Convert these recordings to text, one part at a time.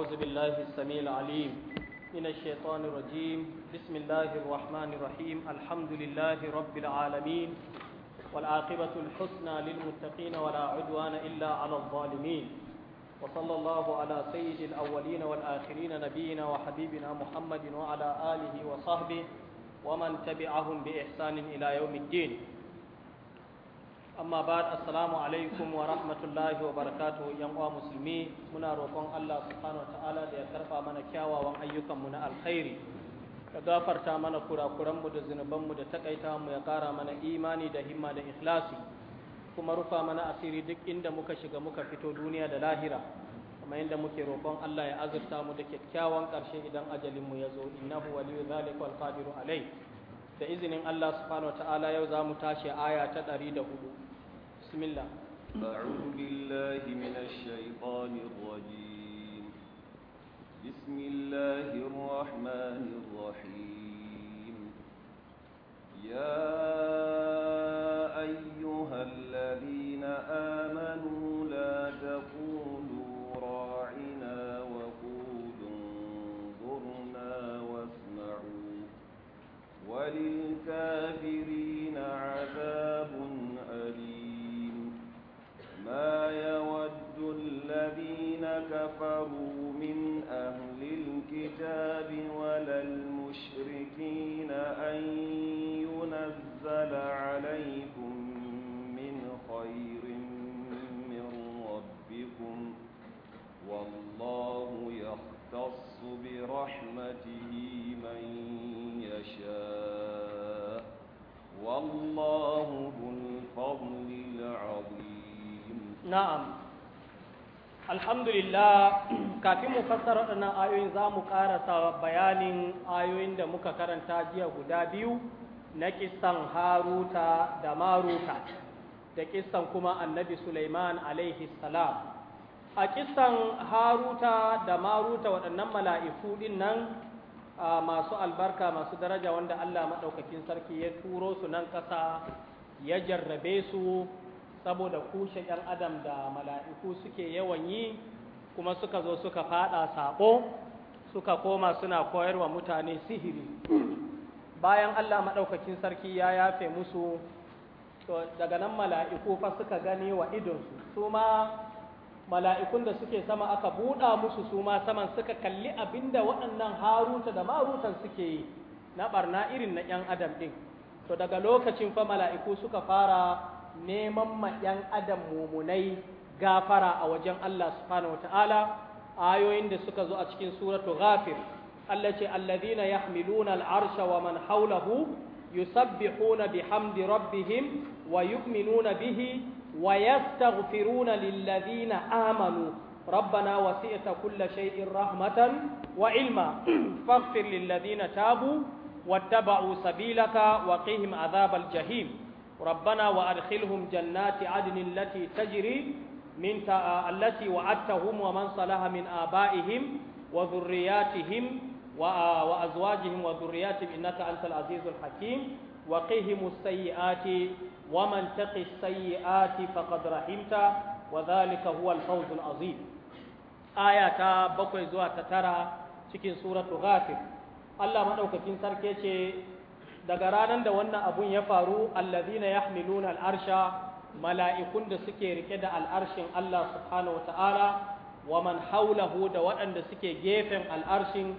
أعوذ بالله السميع العليم من الشيطان الرجيم بسم الله الرحمن الرحيم الحمد لله رب العالمين والعاقبة الحسنى للمتقين ولا عدوان إلا على الظالمين وصلى الله على سيد الأولين والآخرين نبينا وحبيبنا محمد وعلى آله وصحبه ومن تبعهم بإحسان إلى يوم الدين amma ba assalamu alaikum wa rahmatullahi wa barakatu yan uwa musulmi muna roƙon Allah subhanahu ta'ala da ya karɓa mana kyawawan ayyukan mu na alkhairi ka gafarta mana kurakuranmu da mu da takaita mu ya ƙara mana imani da himma da ikhlasi kuma rufa mana asiri duk inda muka shiga muka fito duniya da lahira kamar inda muke roƙon Allah ya azurta mu da kyakkyawan ƙarshe idan ajalinmu ya zo innahu waliyyu zalika wal qadiru alai da izinin Allah subhanahu wa ta'ala yau za mu tashi aya ta ɗari da hudu. بسم الله أعوذ بالله من الشيطان الرجيم بسم الله الرحمن الرحيم يا أيها الذين آمنوا لا تقولوا راعنا وقولوا انظرنا واسمعوا وللكافرين ما يود الذين كفروا من أهل الكتاب ولا المشركين أن ينزل عليكم من خير من ربكم والله يختص برحمته من يشاء والله ذو الفضل العظيم na'am alhamdulillah kafin mu fassara waɗannan ayoyin za mu ƙarasa bayanin ayoyin da muka karanta jiya guda biyu na kisan haruta da maruta da kisan kuma annabi suleiman alaihi salam a kisan haruta da maruta waɗannan mala'iku ɗin nan masu albarka masu daraja wanda allah maɗaukakin sarki ya turo su nan ƙasa ya jarrabe su saboda kushe ɗan adam da mala'iku suke yawan yi kuma suka zo suka faɗa saƙo suka koma suna koyarwa mutane sihiri bayan Allah maɗaukacin sarki ya yafe musu daga nan mala'iku fa suka gani wa idonsu su ma mala'ikun da suke sama aka buɗa musu su ma saman suka kalli abinda waɗannan haruta da marutan suke yi na ɓarna irin na ‘yan adam ɗin to daga lokacin fa mala'iku suka fara neman ma ‘yan adam mumunai gafara a wajen Allah subhanahu wata'ala ayoyin da suka zo a cikin suratu ghafir Allah ce allazina yahmiluna al'arsha wa man haulahu yusabbihuna bihamdi rabbihim wa yu'minuna bihi wa yastaghfiruna lillazina amanu ربنا وسعت rahmatan wa ilma وعلما فاغفر tabu wattaba'u sabilaka wa وقهم عذاب jahim. ربنا وأدخلهم جنات عدن التي تجري من التي وعدتهم ومن صلح من آبائهم وذرياتهم وأزواجهم وذرياتهم إنك أنت العزيز الحكيم وقهم السيئات ومن تق السيئات فقد رحمت وذلك هو الفوز العظيم آية بقي زوات ترى cikin سورة ghafir Allah madaukakin sarki daga ranar da wannan abun ya faru allazina yahmiluna al'arsha mala'ikun da suke rike da al'arshin Allah subhanahu wa ta'ala wa man haulahu da waɗanda suke gefen al'arshin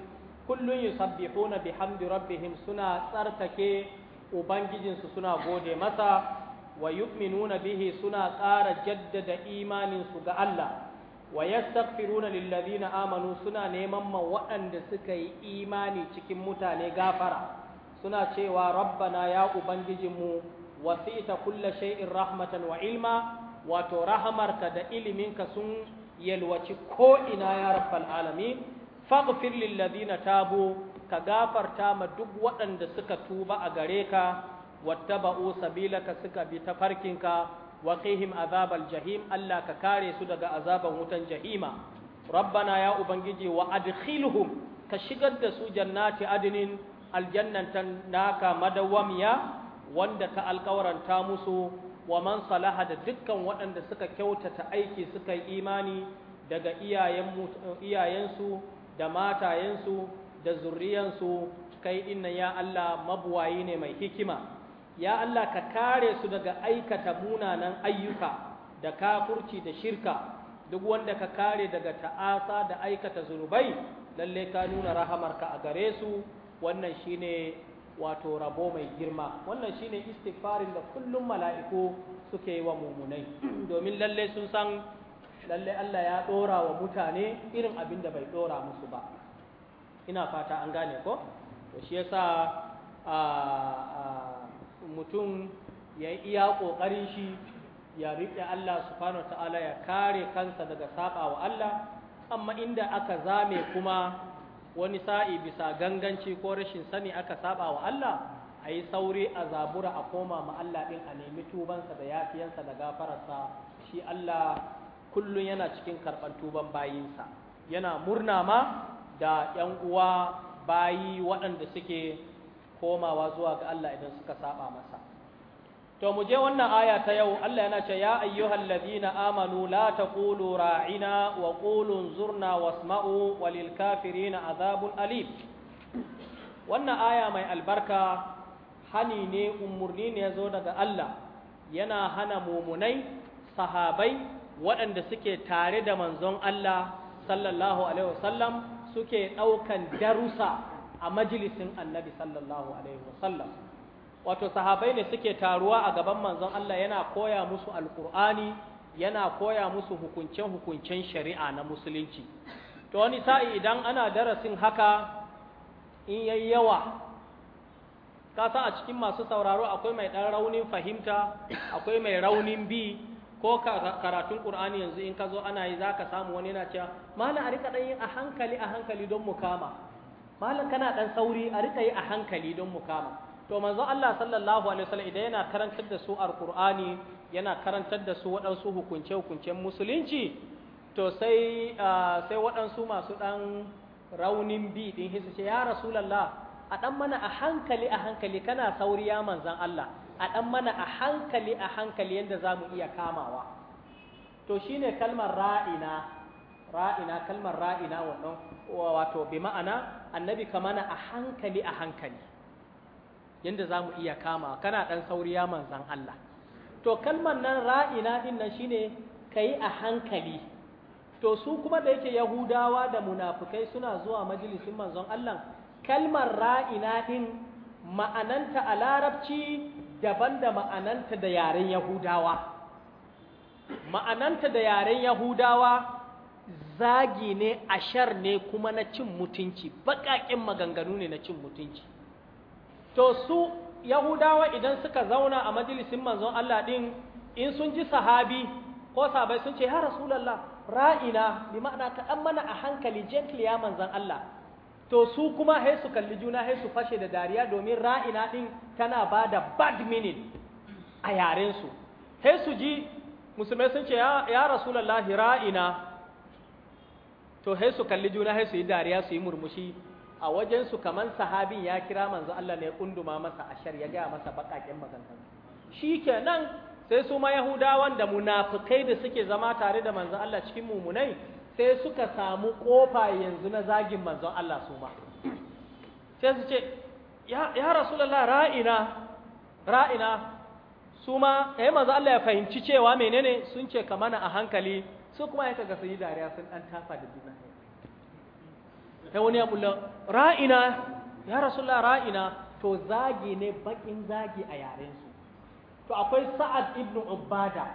kullun yusabbihuna bihamdi rabbihim suna tsartake ubangijinsu suna gode masa wa yu'minuna bihi suna ƙara jaddada imaninsu ga Allah wa yastaghfiruna lillazina amanu suna neman ma waɗanda suka yi imani cikin mutane gafara suna cewa rabbana ya ubangijinmu wasita kulla shay'in rahmatan wa ilma wato rahamarka da iliminka sun yalwaci ko ina ya rabbal alami? faghfir lil ladina tabu ka gafarta ma duk waɗanda suka tuba a gare ka wattaba'u sabilaka suka bi ta wa qihim azabal jahim Allah ka kare su daga azaban wutan jahima rabbana ya ubangiji wa adkhilhum ka shigar da su jannati adnin aljannan naka madawwamiya wanda ka alkawaranta musu wa man salaha da dukkan waɗanda suka kyautata aiki suka yi imani daga iyayensu da matayensu da zurriyansu kai inna ya Allah mabuwayi ne mai hikima ya Allah ka kare su daga aikata munanan ayyuka da kafurci da shirka duk wanda ka kare daga ta'asa da aikata zunubai lalle ka nuna rahamarka a gare su wannan shine wato rabo mai girma wannan shine istighfarin da kullum mala'iku suke yi wa mumunai domin lalle sun san lalle Allah ya dora wa mutane irin abin da bai dora musu ba ina fata an gane ko to shi yasa a mutum ya yi iya kokarin shi ya riƙe Allah subhanahu ta'ala ya kare kansa daga saba wa Allah amma inda aka zame kuma wani sa'i bisa ganganci ko rashin sani aka saba wa Allah a yi sauri a zabura a koma ma Allah ɗin a nemi tubansa da yafiyansa da gafararsa shi Allah kullum yana cikin karɓar tuban bayinsa yana murna ma da ‘yan uwa bayi waɗanda suke komawa zuwa ga Allah idan suka saba masa to mu je wannan aya ta yau Allah yana ce ya ayyuhal ladina amanu la taqulu ra'ina wa qulu zurna wasma'u walil kafirina azabun alim wannan aya mai albarka hani ne umurni ne yazo daga Allah yana hana mumunai sahabai waɗanda suke tare da manzon Allah sallallahu alaihi wasallam suke ɗaukan darusa a majalisin annabi sallallahu alaihi wasallam wato sahabai ne suke taruwa a gaban manzon Allah yana koya musu alkur'ani yana koya musu hukuncen hukuncen shari'a na musulunci to wani sa'i idan ana darasin haka in yayi yawa ka a cikin masu sauraro akwai mai dan raunin fahimta akwai mai raunin bi ko karatun ƙur'ani yanzu in ka zo ana yi zaka samu wani yana cewa malam a rika dan yin a hankali a hankali don mukama malam kana dan sauri a rika yi a hankali don mukama to manzo Allah sallallahu alaihi wasallam idan yana karantar da su alqur'ani yana karantar da su waɗansu hukunce hukuncen musulunci to sai sai waɗansu masu ɗan raunin bi din hisu ce ya rasulullah a ɗan mana a hankali a hankali kana sauri ya manzon Allah a ɗan mana a hankali a hankali yadda za mu iya kamawa to shine kalmar ra'ina ra'ina kalmar ra'ina wannan wato bi ma'ana annabi ka mana a hankali a hankali yanda za mu iya kama kana ɗan sauri sauriya manzan Allah to kalmar nan ra'ina ɗin nan shine ka yi a hankali to su kuma da yake yahudawa da munafukai suna zuwa majalisun manzon Allah kalmar ra'ina ɗin ma'ananta a larabci daban da ma'ananta da yaren yahudawa ma'ananta da yaren yahudawa zagi ne ashar ne kuma na cin mutunci baƙaƙen maganganu ne na cin mutunci to su yahudawa idan suka zauna a majalisin manzon Allah din in sun ji sahabi ko sahabai sun ce ya rasulullah ra'ina bi ma'ana ka dan mana a hankali gently ya manzon Allah to su kuma sai su kalli juna sai su fashe da dariya domin ra'ina din tana ba da bad meaning a yaren su sai su ji musulmai sun ce ya rasulullah ra'ina to sai su kalli juna sai su yi dariya su yi murmushi a wajensu kamar sahabin ya kira manzo Allah ne kunduma masa ashar ya gaya masa baƙaƙen maganganu shikenan sai su ma yahudawan da munafikai da suke zama tare da manzo Allah cikin mumunai sai suka samu kofa yanzu na zagin manzo Allah su ma sai su ce ya rasulullah ra'ina ra'ina su ma eh manzo Allah ya fahimci cewa menene sun ce kamana a hankali su kuma ya kaga sun yi dariya sun dan tafa da juna sai wani ya ra'ina ya rasulullah ra'ina to zagi ne bakin zagi a yaren su to akwai sa'ad ibn ubada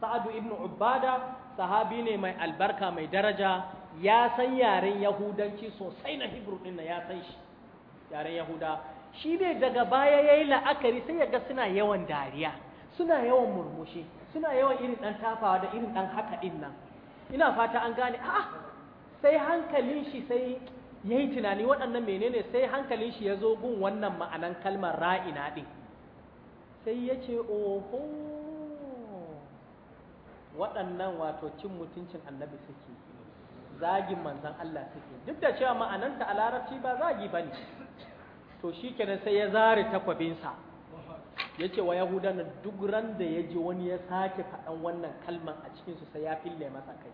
sa'ad ibn ubada sahabi ne mai albarka mai daraja ya san yaren yahudanci sosai na hebrew din ya san shi yaren yahuda shi ne daga baya yayi la'akari sai ya ga suna yawan dariya suna yawan murmushi suna yawan irin dan tafawa da irin dan haka din nan ina fata an gane a'a ah, sai hankalin shi sai ya yi tunani waɗannan menene sai hankalin shi ya zo gun wannan ma'anan kalmar ra'ina ɗin sai ya ce oho waɗannan wato cin mutuncin annabi suke zagin manzan Allah suke duk da cewa ma'ananta a larabci ba zagi ba ne to shi kenan sai ya zare takwabinsa ya ce wa yahudan duk ran da ya ji wani ya sake faɗan wannan kalmar a cikinsu sai ya fille masa kai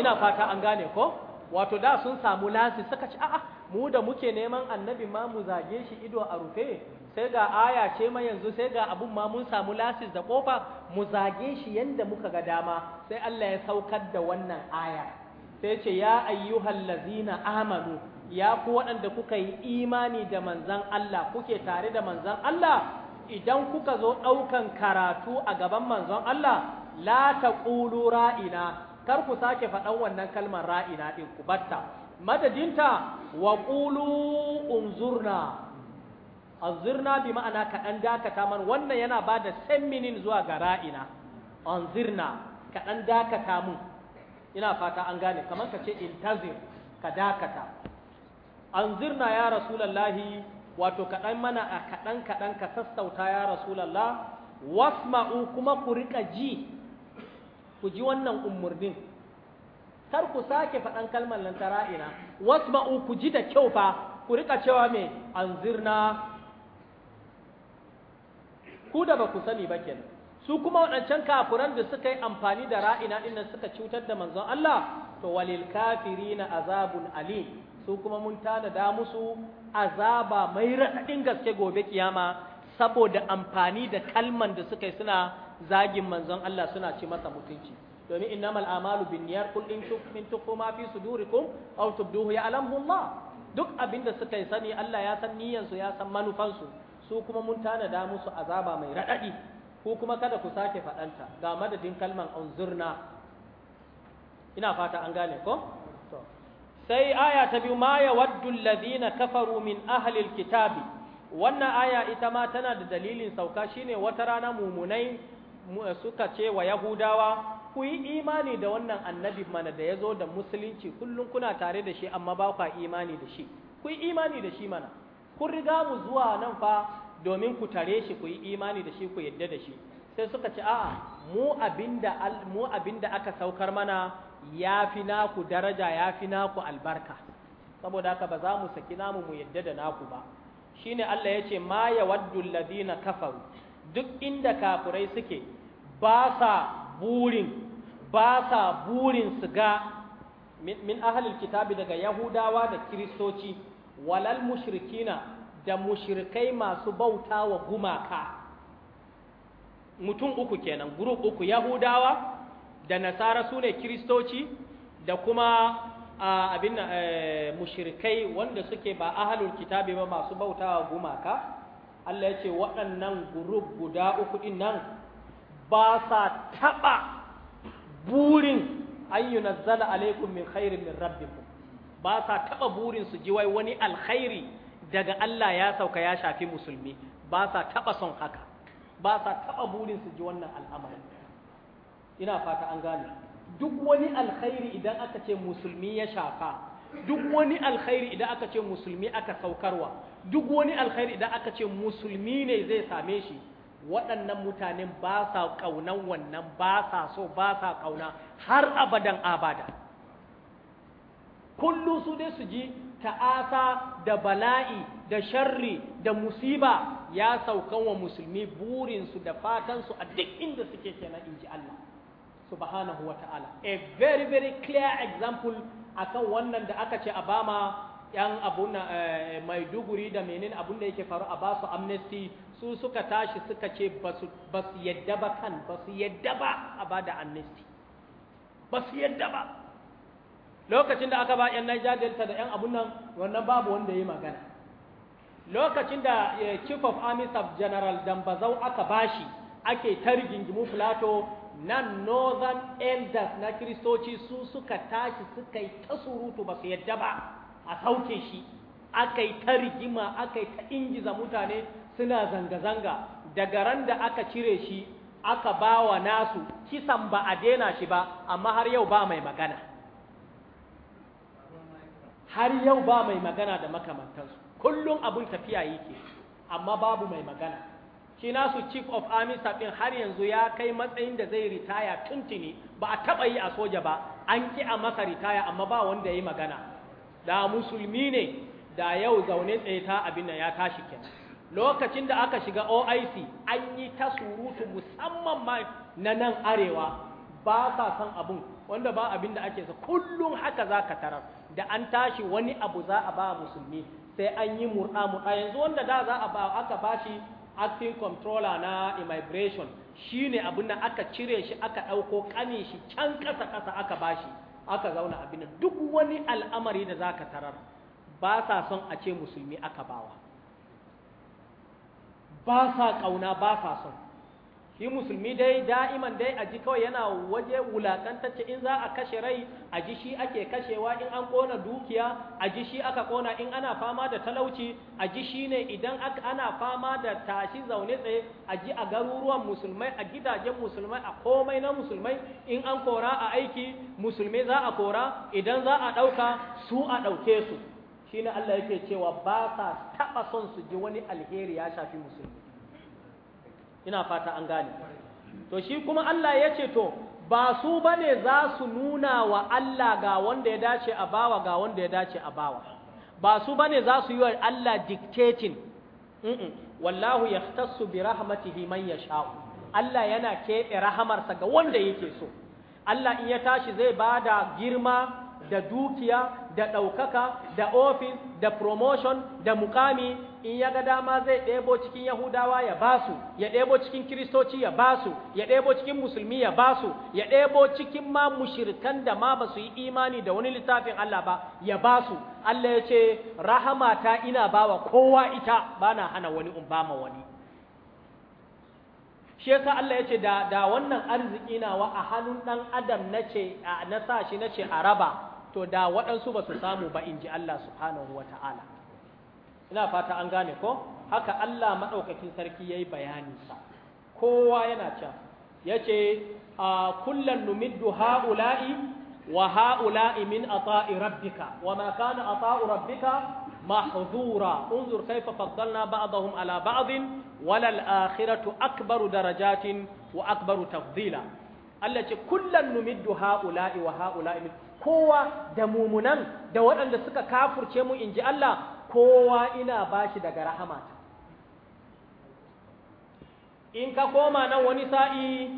ina fata an gane ko wato da sun samu lasi suka ci a'a mu da muke neman annabi ma mu zage shi ido a rufe sai ga aya ce ma yanzu sai ga abun ma mun samu lasis da kofa mu zage shi yanda muka ga dama sai Allah ya saukar da wannan aya sai ce ya ayyuhal ladzina amanu ya ku waɗanda kuka yi imani da manzan Allah kuke tare da manzan Allah idan kuka zo ɗaukan karatu a gaban manzon Allah la taqulu ra'ina kar ku sake faɗan wannan kalmar ra'ina din ku batta madadinta wa qulu unzurna anzirna bi ma'ana ka dan dakata man wannan yana bada da minin zuwa ga ra'ina anzirna ka dan dakata mu ina fata an gane kamar ka ce intazir ka dakata anzirna ya rasulullahi wato ka dan mana a kadan kadan ka sassauta ya rasulullah wasma'u kuma ku rika ji ku ji wannan umarnin kar ku sake faɗan kalmar nan ta ra'ina wasu ma'u ku ji da kyau fa ku rika cewa me anzirna ku da ba ku sani ba kenan su kuma waɗancan kafiran da suka yi amfani da ra'ina ɗin suka cutar da manzon Allah to walil kafirina azabun ali su kuma mun tanada musu azaba mai raɗaɗin gaske gobe kiyama saboda amfani da kalman da suka yi suna zagin manzon Allah suna ci masa mutunci domin innamal a'malu binniyar qul in tukmin ma fi sudurikum aw tubduhu ya'lamu Allah duk abinda suka yi sani Allah ya san niyyansu ya san manufansu su kuma mun tanada musu azaba mai radadi ko kuma kada ku sake faɗanta ga madadin kalman unzurna ina fata an gane ko sai aya ta biyu ma yawaddu alladhina kafaru min ahli alkitabi wannan aya ita ma tana da dalilin sauka shine wata rana mumunai suka ce wa yahudawa ku yi imani da wannan annabi mana da ya zo da musulunci kullum kuna tare da shi amma ba kwa imani da shi ku yi imani da shi mana ku riga mu zuwa nan fa domin ku tare shi ku yi imani da shi ku yadda da shi sai suka ce a'a mu abinda mu abinda aka saukar mana ya fi naku daraja ya fi naku albarka saboda haka ba za mu saki namu mu yadda da naku ba shine Allah ya ce ma yawaddu alladhina kafaru duk inda kafurai suke ba sa burin ba sa burin su ga min ahalil kitabi daga yahudawa da kiristoci walal mushrikina da mushrikai masu bauta wa gumaka mutum uku kenan group uku yahudawa da nasara su ne kiristoci da kuma abin eh, mushrikai wanda suke ba ahalul kitabi ba masu bauta wa gumaka Allah ya ce waɗannan gurub guda uku ɗin nan ba sa taɓa burin an yi nazzala alaikum min khairin min rabbikum ba sa taɓa burin su ji wai wani alkhairi daga Allah ya sauka ya shafi musulmi ba sa taɓa son haka ba sa taɓa burin su ji wannan al'amari ina fata an gane duk wani alkhairi idan aka ce musulmi ya shafa duk wani alkhairi idan aka ce musulmi aka saukarwa duk wani alkhairi idan aka ce musulmi ne zai same shi waɗannan mutanen ba sa ƙaunan wannan ba sa so ba sa ƙauna har abadan abada kullum su dai su ji ta'asa da bala'i da sharri da musiba ya saukan wa musulmi burinsu da fatansu a duk inda suke kenan in ji Allah subhanahu wa ta'ala a very very clear example akan wannan da aka ce a bama yan abun eh, maiduguri da menin abun da yake faru a basu amnesty su suka tashi suka ce ba su yadda ba kan ba su yadda ba a ba da amnesty ba su yadda ba lokacin da aka ba yan Niger Delta da yan abun nan wannan babu wanda ya yi magana lokacin da eh, chief of army sub general dambazau aka bashi ake ta rigingimu plato nan northern elders na kiristoci su suka tashi suka yi ta surutu ba su yadda ba a sauke shi aka yi ta rigima aka yi ta ingiza mutane suna zanga-zanga daga ran da aka cire shi aka ba wa nasu kisan ba a dena shi ba amma har yau ba mai magana har yau ba mai magana da makamantansu kullum abin tafiya yake amma babu mai magana shi nasu chief of army ɗin har yanzu ya kai matsayin da zai ritaya tuntuni ba a taɓa yi a soja ba an ki a masa ritaya amma ba wanda ya yi magana da musulmi ne da yau zaune tsaye ta abin ya tashi kenan lokacin da aka shiga oic an yi ta surutu musamman ma na nan arewa ba sa son abun wanda ba abin da ake sa kullum haka za ka tarar da an tashi wani abu za a ba musulmi sai an yi murɗa murɗa yanzu wanda da za a ba aka bashi acting controller na immigration shi ne abin da aka cire shi aka ɗauko ƙanin shi can ƙasa-ƙasa aka bashi aka zauna abin duk wani al'amari da za ka tarar ba sa son a ce musulmi aka bawa ba sa ƙauna ba sa son shi musulmi dai da'iman dai aji kawai yana waje wulakantacce in za a kashe rai aji shi ake kashewa in an kona dukiya aji shi aka kona in ana fama da talauci aji shi ne idan ana fama da tashi zaune tsaye aji a garuruwan musulmai a gidajen musulmai a komai na musulmai in an kora a aiki musulmai za a kora idan za a ɗauka su a ɗauke su shi ne Allah yake cewa ba sa taɓa son su ji wani alheri ya shafi musulmi ina fata an gane to shi kuma Allah ya ce to ba su bane za su nuna wa Allah ga wanda ya dace a bawa ga wanda ya dace a bawa ba su bane za su yi wa Allah dictating wallahu yahtassu bi rahmatihi man yasha Allah yana keɓe rahamarsa ga wanda yake so Allah in ya tashi zai bada girma da dukiya da ɗaukaka da ofis da promotion da mukami in ya ga dama zai ɗebo cikin yahudawa ya basu ya ɗebo cikin kiristoci ya basu ya ɗebo cikin musulmi ya basu ya ɗebo cikin ma mushirkan da ma basu yi imani da wani littafin Allah ba ya basu Allah ya ce rahama ta ina bawa kowa ita bana hana wani in bama wani shi yasa Allah ya ce da da wannan arziki nawa a hannun dan adam nace na sa shi nace a raba to da waɗansu ba su samu ba in ji Allah subhanahu wa ta'ala ina fata an gane ko haka Allah maɗaukakin sarki ya yi bayaninsa kowa yana can ya ce a kullum numiddu ha'ula'i wa ha'ula'i min ata'i rabbika wa ma kana ata'u rabbika محظورا انظر كيف فضلنا بعضهم على بعض وللآخرة akbaru درجات وأكبر تفضيلا التي كلا نمد هؤلاء وهؤلاء kowa da mumunan da waɗanda suka kafurce mu in ji Allah kowa ina bashi daga rahamata in ka koma nan wani sa'i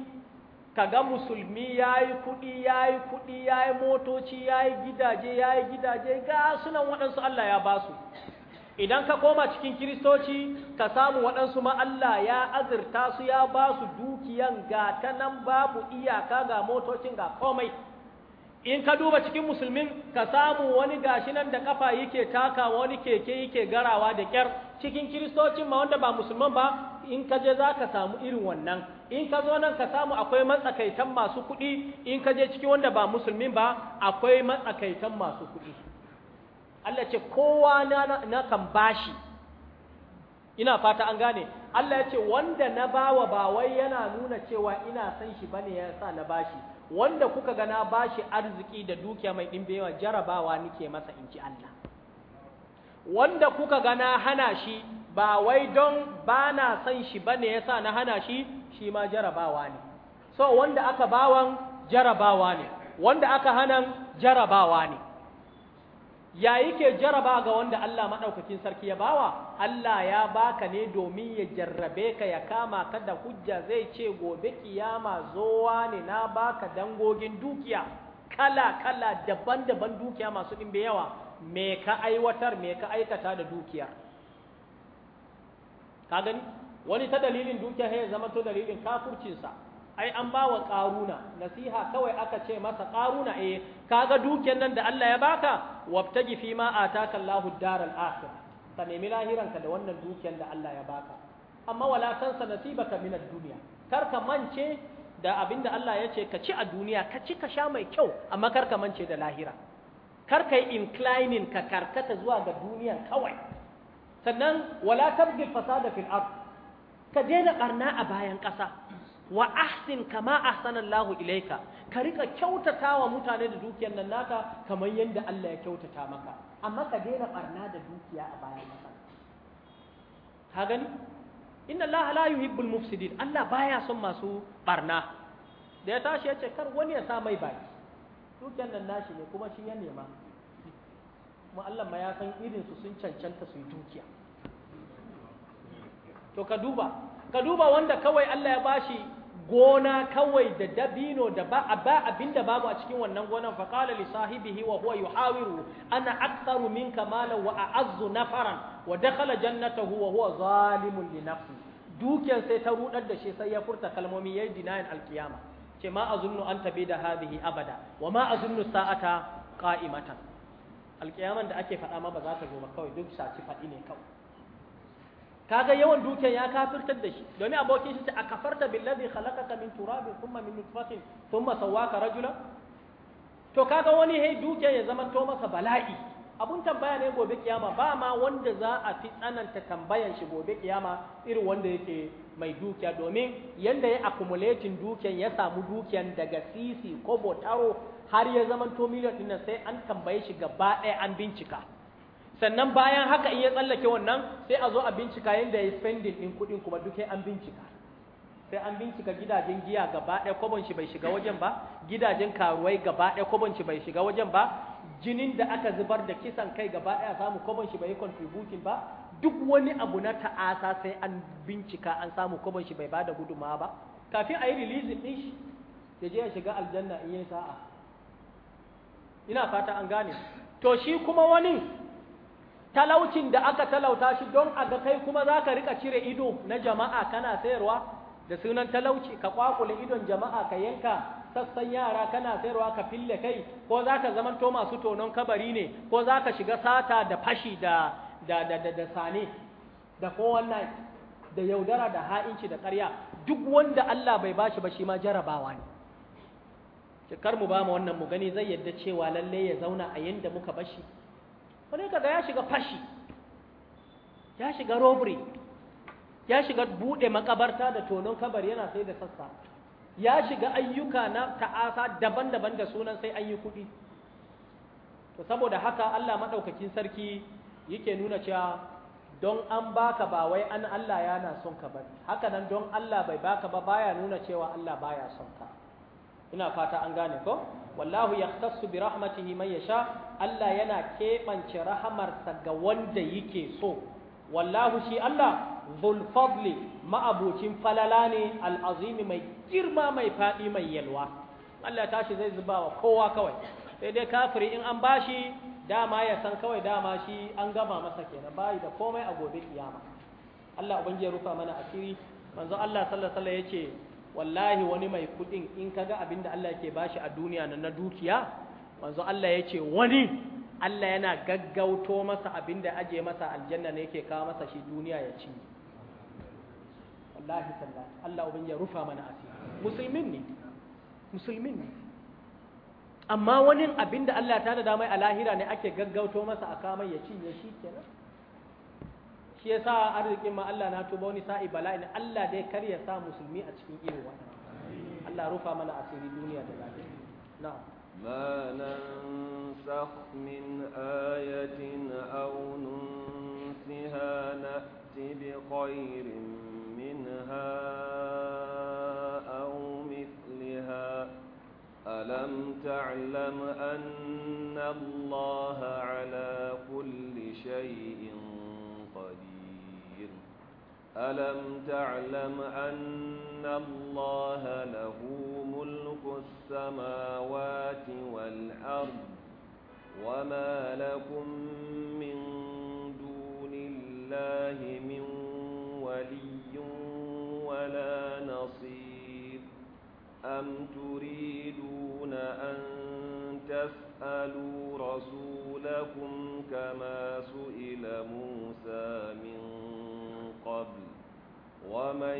ka ga musulmi ya yi kuɗi ya yi kuɗi ya yi motoci ya yi gidaje ya yi gidaje ga sunan waɗansu Allah ya ba su idan ka koma cikin kiristoci ka samu waɗansu ma Allah ya azurta su ya ba su dukiyan ga ta nan babu iyaka ga motocin ga komai in ka duba cikin musulmin ka samu wani gashi nan da kafa yake taka wani keke yake garawa da kyar cikin kiristocin ma wanda ba musulman ba in ka je za ka samu irin wannan in ka zo nan ka samu akwai matsakaitan masu kuɗi in ka je cikin wanda ba musulmin ba akwai matsakaitan masu kuɗi Allah ce kowa na, na kan bashi ina fata an gane Allah ya ce wanda na bawa ba wai yana nuna cewa ina san shi bane ya sa na bashi wanda kuka gana ba shi arziki da dukiya mai dimbewa jarabawa nike masa in ji Allah wanda kuka gana hana shi ba wai don ba na son shi ba ne yasa na hana shi shi ma jarabawa ne so wanda aka bawan jarabawa ne wanda aka hanan jarabawa ne ya yake jaraba ga wanda Allah maɗaukakin sarki ya bawa Allah ya baka ne domin ya jarrabe ka ya kama ka da hujja zai ce gobe kiyama zowa ne na baka dangogin dukiya kala kala daban-daban dukiya masu ɗimbe yawa me ka aiwatar me ka aikata da dukiya ka gani wani ta dalilin dukiya ya zama to dalilin kafurcinsa ai an ba wa ƙaruna nasiha kawai aka ce masa ƙaruna eh kaga dukiyar nan da Allah ya baka wabtaji fi ma ataka Allahu daral akhir ka nemi lahiranka da wannan dukiyar da Allah ya baka amma wala tansa nasibaka minad dunya kar ka mance da abinda Allah ya ce ka ci a duniya ka ci ka sha mai kyau amma kar ka mance da lahira kar ka yi inclining ka karkata zuwa ga duniya kawai sannan wala tabgil fasada fil ard ka daina barna a bayan ƙasa wa ahsin kama ahsanallahu ilaika ka rika kyautata wa mutane da dukiyar nan naka kamar yadda Allah ya kyautata maka amma ka daina barna da dukiya a bayan maka ka gani inna Allah la yuhibbul mufsidin Allah baya son masu barna da ya tashi ya ce kar wani ya sa mai baki dukiyar nan nashi ne kuma shi ya nema kuma Allah ma ya san irin su sun cancanta su yi dukiya to ka duba ka duba wanda kawai Allah ya bashi gona kawai da dabino da ba abin da babu a cikin wannan gonan faƙala li sahibihi wa huwa yuhawiru ana aktsaru minka malan wa a'azzu nafaran wa dakhala jannatahu wa huwa zalimun li nafsi sai ta rudar da shi sai ya furta kalmomi yayi dinayin alkiyama ce ma azunnu an tabi da hadhihi abada wa ma azunnu sa'ata qa'imatan alkiyaman da ake faɗa ma ba za ta zo ba kawai duk saci faɗi ne kawai kaga yawan dukiyar ya kafirtar da shi domin abokin shi a kafarta billazi khalaqaka min turabin thumma min nutfatin thumma sawwaka rajula to kaga wani hey dukiyar ya zama to masa bala'i abun tambaya ne gobe kiyama ba ma wanda za a fi tsananta tambayan shi gobe kiyama irin wanda yake mai dukiya domin yanda ya accumulating dukiyar ya samu dukiyar daga sisi kobo taro har ya zama to miliyan din sai an tambaye shi gaba ɗaya an bincika sannan bayan haka in ya tsallake wannan sai a zo a bincika yadda ya spending ɗin kuɗin kuma duk an bincika sai an bincika gidajen giya gaba ɗaya kwabon shi bai shiga wajen ba gidajen karuwai gaba ɗaya kwabon shi bai shiga wajen ba jinin da aka zubar da kisan kai gaba ɗaya samu kwabon shi bai yi contributing ba duk wani abu na ta'asa sai an bincika an samu kwabon shi bai bada gudunmawa ba kafin a yi releasing ɗin shi ya je ya shiga aljanna in yi sa'a ina fata an gane to shi kuma wani talaucin da aka talauta shi don a ga kai kuma za ka riƙa cire ido na jama'a kana sayarwa da sunan talauci ka kwakula idon jama'a ka yanka sassan yara kana sayarwa ka fille kai ko za ka zamanto masu tonon kabari ne ko za ka shiga sata da fashi da da da da, sane da kowannan da yaudara da ha'inci da ƙarya duk wanda Allah bai bashi ba shi ma jarabawa ne kar mu ba mu wannan mu gani zai yadda cewa lalle ya zauna a yanda muka bashi wani kaga ya shiga fashi ya shiga robbery ya shiga bude makabarta da tonon kabar yana sai da sassa ya shiga ayyuka na ta'asa daban-daban da sunan sai an yi kuɗi to saboda haka Allah maɗaukakin sarki yake nuna cewa don an baka ba wai an Allah yana son ka bari, haka nan don Allah bai baka ba baya nuna cewa Allah baya son ka ina fata an gane ko wallahu yahtassu bi rahmatihi man yasha Allah yana keɓance rahamarsa ga wanda yake so wallahu shi Allah dhul fadli ma'abucin falala ne al'azimi mai girma mai faɗi mai yalwa Allah tashi zai zuba wa kowa kawai sai dai kafiri in an bashi dama ya san kawai dama shi an gama masa kenan bayi da komai a gobe kiyama Allah ubangiji ya rufa mana asiri manzo Allah sallallahu alaihi wasallam yace wallahi wani mai kudin in kaga abin da Allah yake bashi a duniya nan na dukiya manzo Allah ya ce wani Allah yana gaggauto masa abin da aje masa aljanna ne yake kawo masa shi duniya ya ci wallahi tallahi Allah ubin ya rufa mana asiri musulmin ne musulmin ne amma wani abin da Allah ta da mai a lahira ne ake gaggauto masa a kamar ya ci, ya shi kenan shi yasa arzikin ma Allah na tuba wani sa'i bala'in Allah dai kar ya sa musulmi a cikin irin wannan Allah rufa mana asiri duniya da lafiya na'am ala kulli ألم تعلم أن الله له ملك السماوات والأرض وما لكم من دون الله من ولي ولا نصير أم تريدون أن تسألوا رسولكم كما سئل موسى من قبل ومن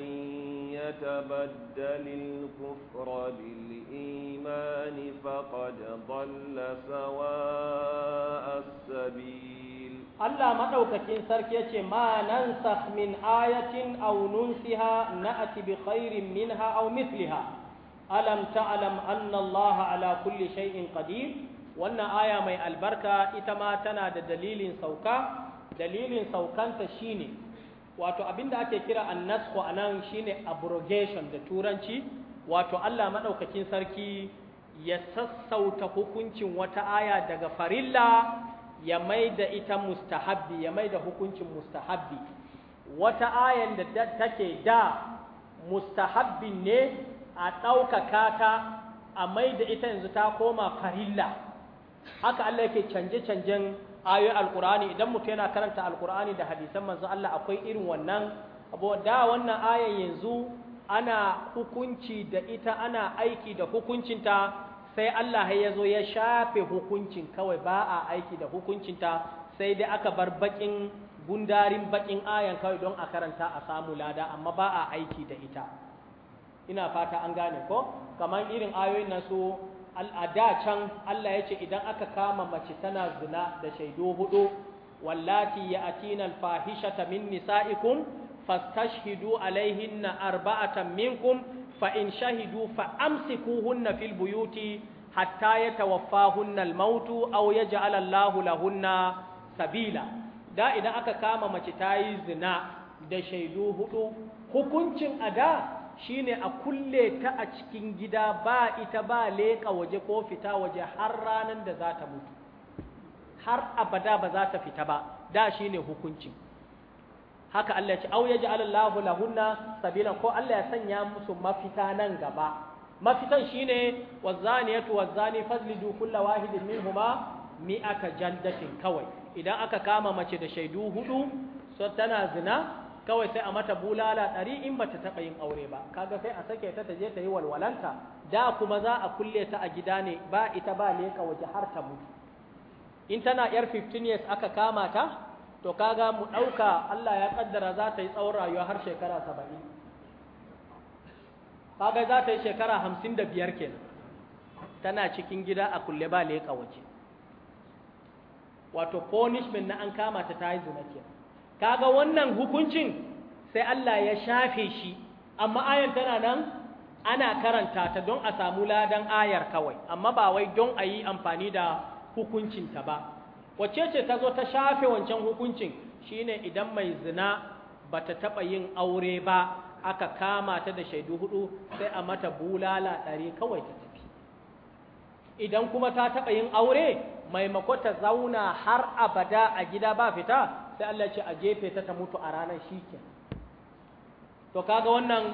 يتبدل الكفر بالإيمان فقد ضل سواء السبيل الله مدوكتين سركيتي ما ننسخ من آية أو ننسها نأتي بخير منها أو مثلها ألم تعلم أن الله على كل شيء قدير وأن آية مي البركة إتما تنا دليل سوكا دليل سوكان تشيني wato abin da ake kira annasku a nan shine abrogation da turanci wato Allah maɗaukakin sarki ya sassauta hukuncin wata aya daga farilla ya mai da ita mustahabbi ya mai da hukuncin mustahabbi wata ayan da take da mustahabbi ne a ɗaukaka ta a mai da ita yanzu ta koma farilla haka Allah yake canje-canjen Ayoyi alkur'ani idan mutum yana karanta alkur'ani da hadisan manzo Allah akwai irin wannan abu da wannan ayan yanzu ana hukunci da ita ana aiki da hukuncinta sai Allah ya zo ya shafe hukuncin kawai ba a aiki da hukuncinta sai dai aka bar bakin gundarin bakin ayan kawai don a karanta a samu lada amma ba a aiki da ita ina fata an gane ko kamar irin ayoyin nan su al'ada can Allah ya ce idan aka kama mace tana zina da shaidu hudu wallati ya atina alfahishata min nisa'ikum fastashhidu alaihinna arba'atan minkum fa in shahidu fa amsikuhunna fil buyuti hatta ya tawaffa hunnal mautu? aw yaj'ala alallahu lahunna sabila da idan aka kama mace tayi zina da shaidu hudu hukuncin ada shine a kulle ta a cikin gida ba ita ba leƙa waje ko fita waje har ranar da za ta mutu har abada ba za ta fita ba da shine hukunci. haka Allah ya ce au alallahu lahunna sabila ko Allah ya sanya musu mafita nan gaba mafitan shine wazaniyatu wazani fazlidu kullu wahidin minhuma mi'ata jaldatin kawai idan aka kama mace da shaidu hudu so tana zina kawai sai a mata bulala ɗari in ba ta taɓa yin aure ba kaga sai a sake ta je ta yi walwalanta da kuma za a kulle ta a gida ne ba ita ba leƙa waje har ta mutu in tana yar 15 years aka kama ta to kaga mu ɗauka Allah ya kaddara za ta yi tsawon rayuwa har shekara 70 kaga za ta yi shekara 55 kenan tana cikin gida a kulle ba leƙa waje wato punishment na an kama ta ta yi zina kaga wannan hukuncin sai Allah ya shafe shi amma ayar tana nan ana karanta ta don a samu ladan ayar kawai amma ba wai don a yi amfani da hukuncinta ba wacce ce ta zo ta shafe wancan hukuncin shine idan mai zina ba ta taɓa yin aure ba aka kama ta da shaidu hudu sai a mata bulala ɗari kawai ta tafi idan kuma ta taɓa yin aure maimako ta zauna har abada a gida ba fita sai Allah ce a jefe ta ta mutu a ranar shi ke to kaga wannan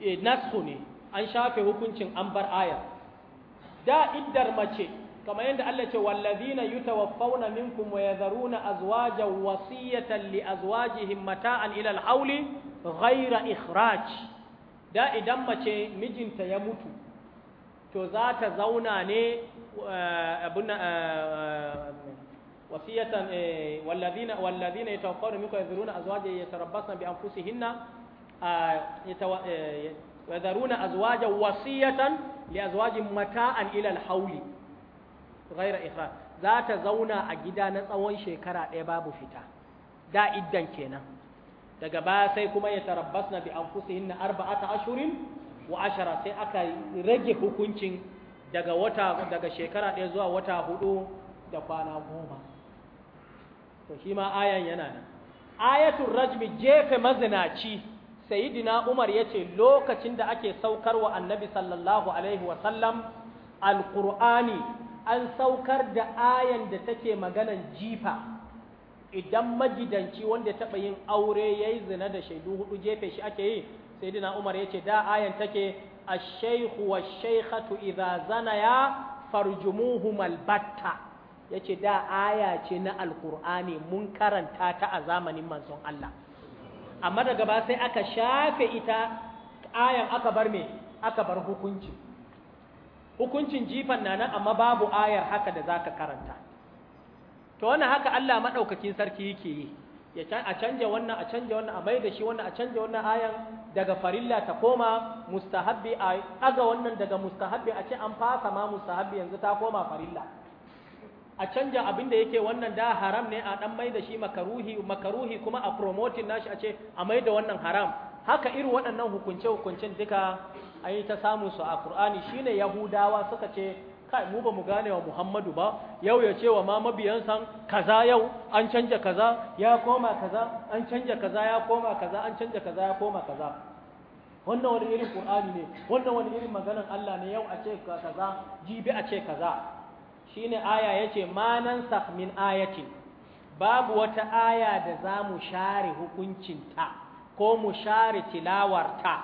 eh, nasu ne an shafe hukuncin an bar aya da iddar mace kamar yadda Allah ce wallazina yutawaffawna minkum wa yadharuna azwajan wasiyatan li azwajihim mata'an ila al-hawli ghayra ikhraj da idan mace mijinta ya mutu to za ta zauna ne eh, abun eh, wasiyatan eh, walladina walladina yatawaffawna minkum yadhuruna azwaja yatarabbasna ah, eh, mata'an ila alhawli ghayra zauna a gida na tsawon shekara ɗaya babu fita da idan kenan daga baya sai kuma ya tarabbasna bi anfusihinna arba'ata ashhurin wa ashara sai aka rage hukuncin daga shekara ɗaya zuwa wata huɗu da kwana goma to shi ma ayan yana nan ayatul rajmi jefe mazinaci sayyidina umar yace lokacin da ake saukar wa annabi sallallahu alaihi wa sallam alqur'ani an saukar da ayan da take maganan jifa idan majidanci wanda taɓa yin aure yayi zina da shaidu hudu jefe shi ake yi sayyidina umar yace da ayan take ash-shaykhu wash-shaykhatu idza zanaya farjumuhum al-batta ya ce da aya ce na alkur'ani mun karanta ta a zamanin manzon Allah amma daga ba sai aka shafe ita ayan aka bar me aka bar hukunci hukuncin jifan nana amma babu ayar haka da zaka karanta to wannan haka Allah madaukakin sarki yake yi ya a canje wannan a mai wannan a maida shi wannan a canje wannan ayan daga farilla ta koma mustahabbi a aga wannan daga mustahabbi a ce an fasa ma mustahabbi yanzu ta koma farilla a canja abin da yake wannan da haram ne a dan mai da shi makaruhi makaruhi kuma a promoting nashi a ce a mai da wannan haram haka irin waɗannan hukunce hukuncin duka a yi ta samu su a Qur'ani shine Yahudawa suka ce kai mu ba mu gane wa Muhammadu ba yau ya ce wa ma mabiyansa kaza yau an canja kaza ya koma kaza an canja kaza ya koma kaza an canja kaza ya koma kaza wannan wani irin Qur'ani ne wannan wani irin maganar Allah ne yau a ce kaza jibi a ce kaza shine aya yace ma nansakh min ayatin babu wata aya da za mu share ta ko mu share tilawarta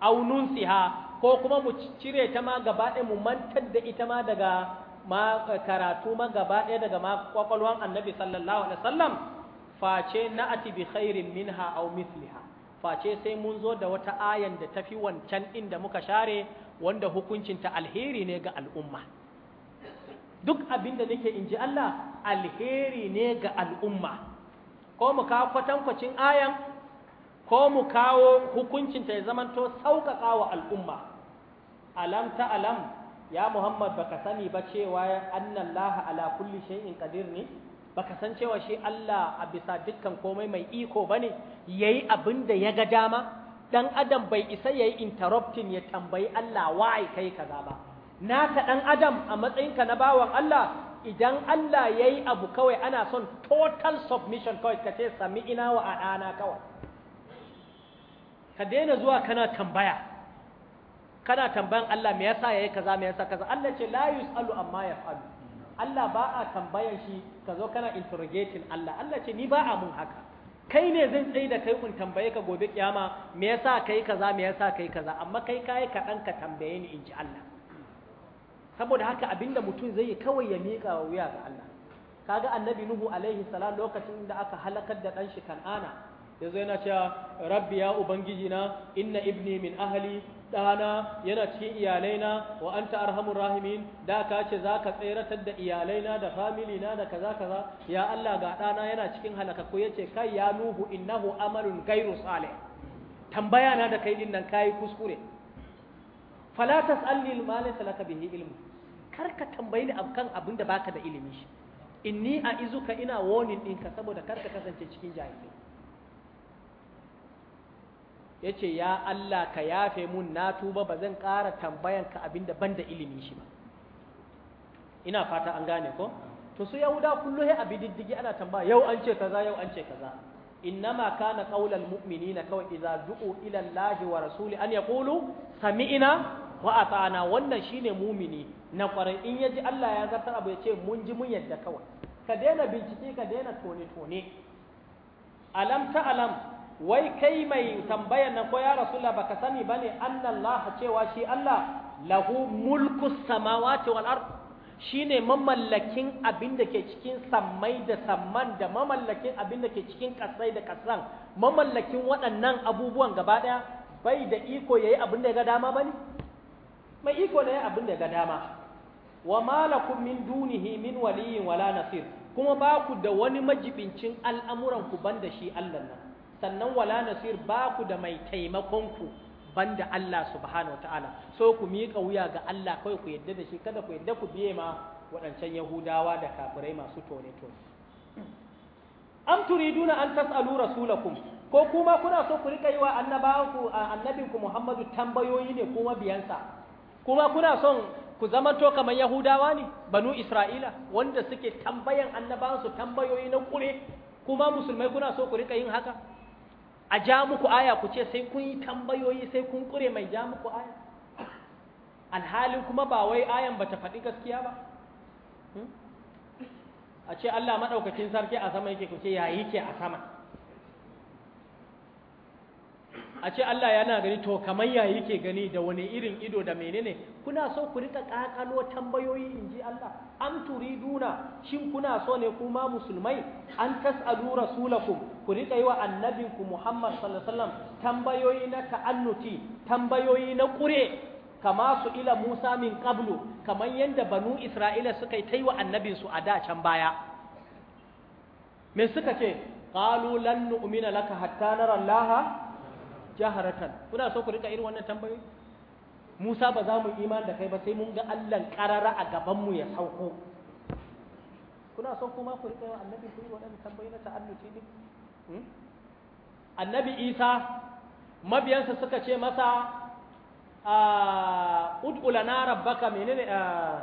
au siha ko kuma mu cire ta ma gaba ɗaya mu mantar da ita ma daga karatu ma gaba ɗaya daga ma kwakwalwan annabi sallallahu alaihi wasallam face na'ati bi khairin minha aw mithliha face sai mun zo da wata ayan da tafi wancan inda muka share wanda hukuncinta alheri ne ga al'umma duk abin da nake in ji Allah alheri ne ga al'umma ko mu kawo kwatankwacin ayan ko mu kawo hukuncinta ya zamanto sauƙaƙa wa al'umma alam ta alam ya Muhammad baka sani ba cewa annallaha ala kulli shay'in qadir ne baka san cewa shi Allah a bisa dukkan komai mai iko bane yayi abin da ya ga dama dan adam bai isa yayi interrupting ya tambayi Allah why kai kaza ba naka ɗan adam a matsayinka na bawan Allah idan Allah ya yi abu kawai ana son total submission kawai ka ce sami ina wa a ɗana kawai ka daina zuwa kana tambaya kana tambayan Allah me yasa yayi kaza me yasa kaza Allah ce la yusalu amma yafalu Allah ba a tambayan shi ka zo kana interrogating Allah Allah ce ni ba a mun haka kai ne zan tsaye da kai kun tambaye ka gobe kiyama me yasa kai kaza me yasa kai kaza amma kai kai ka dan ka tambaye ni in ji Allah saboda haka abinda mutum zai yi kawai ya miƙa wa wuya ga Allah kaga annabi nuhu alaihi salam lokacin da aka halakar da ɗan shi kan'ana yanzu yana cewa rabbi ya ubangiji na inna ibni min ahli ɗana yana cikin iyalaina wa anta arhamur rahimin da ka ce za ka tseratar da iyalaina da family na da kaza kaza ya Allah ga ɗana yana cikin halakakku yace kai ya nuhu innahu amalun gairu salih tambaya na da kai din nan kayi kuskure fala tasalni ma laysa laka bihi ilmu kar ka tambayi ni kan abin da baka da ilimi shi inni a izuka ina warning ɗinka saboda kar ka kasance cikin jahilai ya ce ya Allah ka yafe mun na tuba ba zan ƙara tambayanka abin da ban da ilimi shi ba ina fata an gane ko to su yahuda kullu ya abi diddigi ana tambaya yau an ce kaza yau an ce kaza innama kana qaulal mu'minina kawai idza du'u ila Allah wa rasuli an yaqulu ina? a ata'ana wannan shine mumini na kwarai in ji Allah ya zartar abu ya ce mun ji mun yadda kawai ka daina bincike ka daina tone tone alam ta alam wai kai mai tambayar na ko ya rasulullah baka sani bane annallaha cewa shi Allah lahu mulku samawati wal ard shine mamallakin abin da ke cikin sammai da samman da mamallakin abin da ke cikin kasai da kasan mamallakin waɗannan abubuwan gaba ɗaya bai da iko yayi abin da ya ga dama bane mai iko ne abin da ga dama wa malakum min dunihi min waliyin wala nasir kuma ba ku da wani majibincin al'amuran ku banda shi Allah nan sannan wala nasir ba ku da mai taimakon ku banda Allah subhanahu wataala so ku miƙa wuya ga Allah kawai ku yadda da shi kada ku yadda ku biye ma waɗancan Yahudawa da kafirai masu tone tone am turiduna an tas'alu rasulakum ko kuma kuna so ku rika yi wa annabawanku annabinku Muhammadu tambayoyi ne kuma biyansa. kuma kuna son ku zama zamanto kamar yahudawa ne banu isra'ila wanda suke tambayan Annabasu tambayoyi na kure kuma musulmai kuna so ku rika yin haka a ja muku aya ku ce sai kun yi tambayoyi sai kun kure mai ja muku aya alhalin kuma ba wai ayan bata faɗi gaskiya ba hmm? a ce Allah maɗaukacin sarki a sama yake ku ce yayi ke a sama a ce Allah yana gani to kamar ya yake gani da wani irin ido da menene kuna so ku rika kakalo tambayoyi in ji Allah am turiduna shin kuna so ne kuma musulmai an tas'alu rasulakum ku rika yi wa annabinku Muhammad sallallahu alaihi wasallam tambayoyi na ta'annuti tambayoyi na kure kama su ila Musa min qablu kamar yanda banu Isra'ila suka yi taiwa annabinsu a da can baya me suka ce qalu lan nu'mina laka hatta nara Allah jaharatan kuna so ku rika irin wannan tambayoyi Musa ba za mu imani da kai ba sai mun ga Allah karara a gaban mu ya sauko kuna so kuma ku rika annabi ku yi waɗannan tambayoyi na ta'alluci ne hmm? annabi Isa mabiyansa suka ce masa ah, ud'u lana rabbaka menene ah,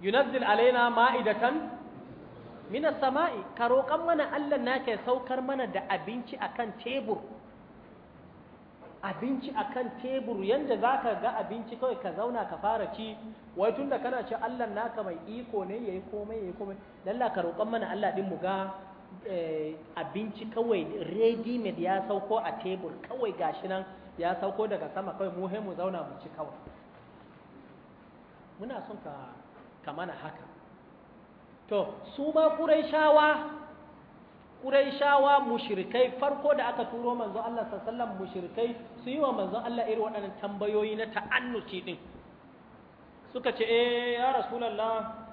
yunazzil alaina ma'idatan minas sama'i karokan mana Allah nake saukar mana da abinci akan tebur abinci a kan tebur yanda ka ga abinci kawai ka zauna ka fara ci wai tunda kana ce Allah naka mai iko ne yayi komai yayi komai lalla ka roƙon mana Allah ɗin mu ga eh, abinci kawai ready made ya sauko a tebur kawai gashi nan ya sauko daga sama kawai muhe mu zauna mu ci kawai muna son ka mana haka to su ma shawa? Qurayshawa mushrikai farko da aka turo manzo Allah sallallahu alaihi mushrikai su yi wa manzo Allah irin waɗannan tambayoyi na ta'annuci din suka ce eh ya rasulullah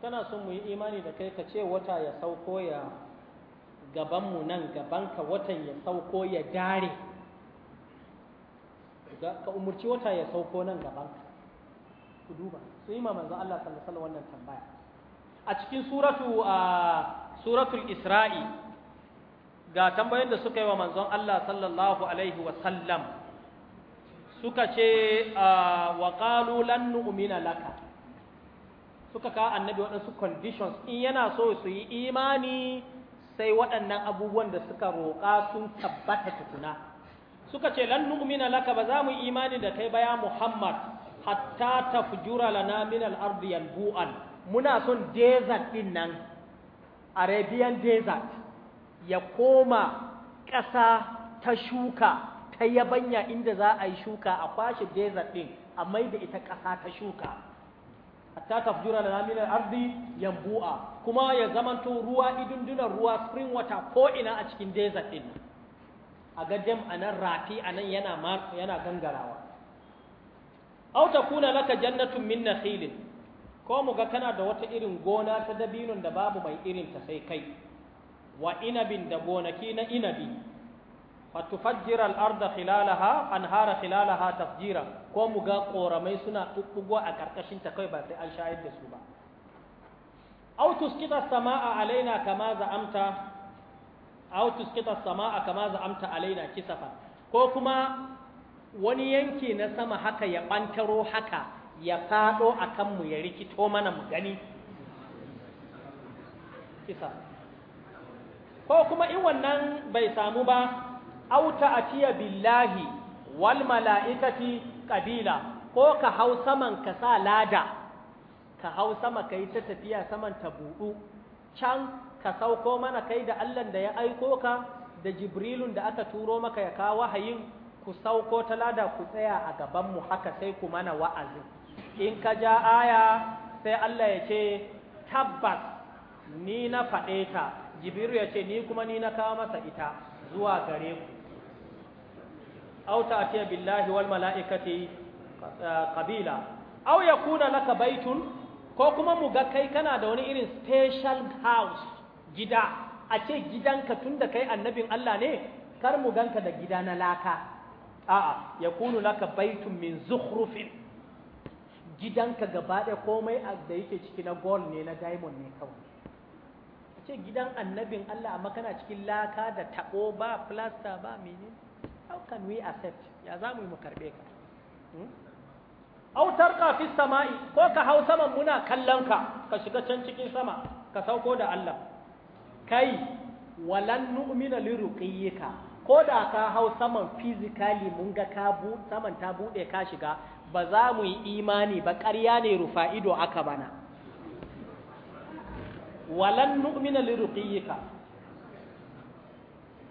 kana son mu yi imani da kai ka ce wata ya sauko ya gaban mu nan gaban ka watan ya sauko ya dare ka umurci wata ya sauko nan gaban ka ku duba su yi ma manzo Allah sallallahu alaihi wannan tambaya a cikin suratu a ah, suratul isra'i ga tambayoyin da suka yi wa manzon Allah sallallahu alaihi wasallam suka ce ah, wa qalu lan nu'mina laka suka ka annabi waɗansu conditions in yana so su yi imani sai waɗannan abubuwan da suka roƙa sun tabbata tukuna suka ce lan nu'mina laka ba za mu imani da kai ba ya Muhammad hatta tafjura lana min al-ardi muna son desert din nan arabian desert ya koma ƙasa ta shuka ta yabanya inda za a yi shuka a kwashe desert ɗin a mai da ita ƙasa ta shuka hatta jura da naminar arzi yambu'a kuma ya zamanto ruwa idundunan ruwa spring water ko ina a cikin desert ɗin a ga a nan rafi a nan yana gangarawa au ta kuna laka jannatun Minna silin. ko mu ga kana da wata irin gona ta dabinon da babu mai irin ta sai kai wa inabin da gonaki na inabi fatufajjira al-arda khilalaha anhara khilalaha tafjira ko mu ga koramai suna tubbugo a karkashin ta kai ba sai an shayar da su ba aw tuskita samaa alaina kama za'amta aw tuskita samaa kama za'amta alaina kisafa ko kuma wani yanki na sama haka ya bantaro haka ya faɗo a kanmu ya rikito mana mu gani kisa ko kuma in wannan bai samu ba auta a ciya billahi wal mala'ikati ƙabila ko ka hau saman ka sa lada ka hau sama ka yi ta tafiya saman ta buɗu can ka sauko mana kai da allon da ya aiko ka da Jibrilun da aka turo maka ya kawo wahayin ku sauko ta lada ku tsaya a gabanmu haka sai ku mana wa'azin. in ka ja aya sai Allah ya ce tabbas ni na faɗe ta jibiru ya ce ni kuma ni na kawo masa ita zuwa gare ku auta a billahi wal mala'ikati kabila eh, au ya kuna laka baitun ko kuma mu ga kai kana da wani irin special house gida a ce gidanka tun da kai annabin Allah ne kar mu ganka da gida na laka a'a ya kunu laka baitun min zukhrufin gidanka gaba ɗaya komai da yake ciki na gold ne na diamond ne kawai a ce gidan annabin Allah amma kana cikin laka da taɓo ba plaster ba mini. how can we accept ya za mu yi mu karɓe ka hmm? autar kafin sama'i ko ka hau saman muna kallon ka ka shiga can cikin sama ka sauko da Allah kai walan nu'mina liruqiyyika ko da ka hau saman physically mun ga ka bu saman ta bude ka shiga ba za mu yi imani ba ƙarya ne rufa ido aka bana walan nu'mina liruqiyika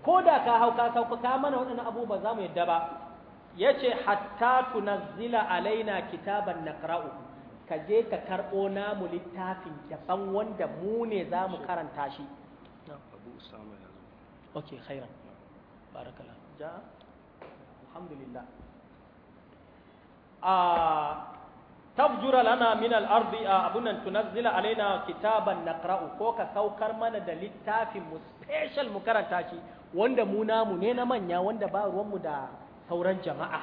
ko da ka hau ka sauka ka mana waɗannan abubuwa za mu yadda ba yace hatta tunazzila alaina kitaban naqra'u ka je ka karɓo namu littafin daban wanda mu ne za mu karanta shi ok khairan alhamdulillah a tafjura lana minal al a abunan tunazila alaina kitaban nakra'u ko ka saukar mana da littafin mu special mu karanta shi wanda mu namu ne na manya wanda ba ruwan mu da sauran jama'a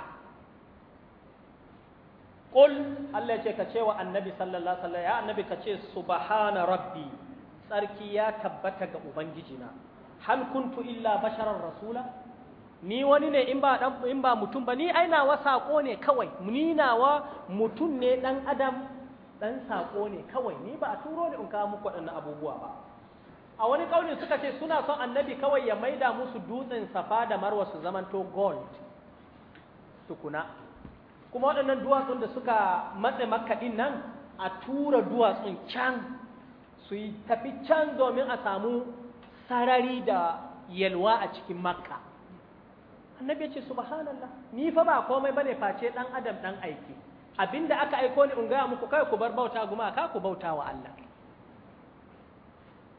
kul Allah ce ka ce wa annabi sallallahu alaihi ya annabi ka ce subhana rabbi tsarki ya tabbata ga ubangijina hal kuntu illa basharar rasula ni wani ne in ba in ba mutum ba ni aina wa sako ne kawai ni na wa mutum ne dan adam dan sako ne kawai ni ba a turo ne in kawo muku waɗannan abubuwa ba a wani kaulin suka ce suna son annabi kawai ya maida musu dutsen safa da marwa su zamanto gold tukuna kuma waɗannan duwatsun da suka matse makaɗin nan a tura duwatsun can su yi tafi can domin a samu sarari da yalwa a cikin makka annabi ya ce subhanallah ni fa ba komai bane face dan adam dan aiki abinda aka aiko ni in gaya muku kai ku bar bauta gumaka ku bauta wa Allah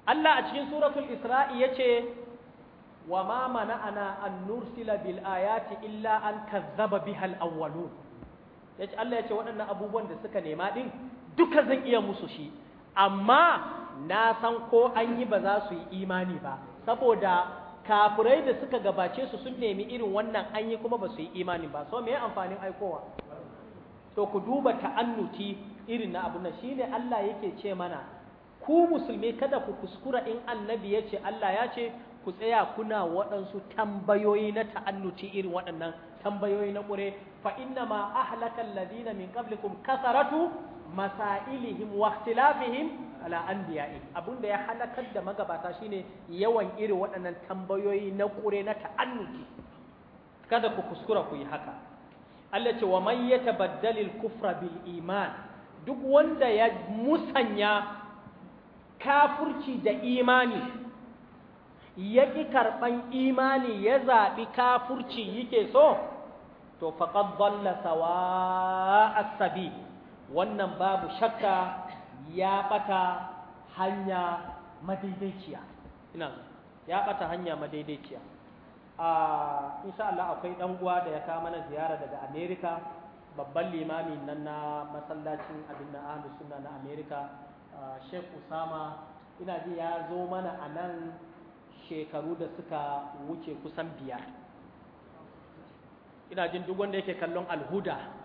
Allah a cikin suratul Isra'i yace wa ma mana'ana an nursila bil ayati illa an kazzaba biha al awwalun yace Allah yace waɗannan abubuwan da suka nema din duka zan iya musu shi amma na san ko an yi ba za su yi imani ba saboda kafirai da suka gabace su sun nemi irin wannan an yi kuma ba su yi imanin ba so me ya amfanin aikowa to ku duba ta'annuti irin na abu na shine Allah yake ce mana ku musulmi kada ku kuskura in annabi ya ce Allah ya ce ku tsaya kuna waɗansu tambayoyi na ta'annuti irin waɗannan tambayoyi na ƙure fa inna ma ahlaka alladhina min qablikum kasaratu masailihim wa ikhtilafihim ala anbiya'i Abunda ya halakar da magabata shine yawan irin waɗannan tambayoyi na kure na ta'annuki kada ku kuskura ku yi haka Allah ce wa man yatabaddal al-kufra bil iman duk wanda ya musanya kafurci da imani ya ƙi karɓan imani ya zaɓi kafurci yake so to faqad dalla sawa as-sabil wannan babu shakka ya bata hanya madaidaiciya ina ya ɓata hanya madaidaiciya a insha Allah akwai dan uwa da ya kawo mana ziyara daga Amerika, babban limami nan na masallacin abin na ahlus sunna na Amerika. Sheikh Usama ina ji ya zo mana a nan shekaru da suka wuce kusan biyar ina jin duk wanda yake kallon alhuda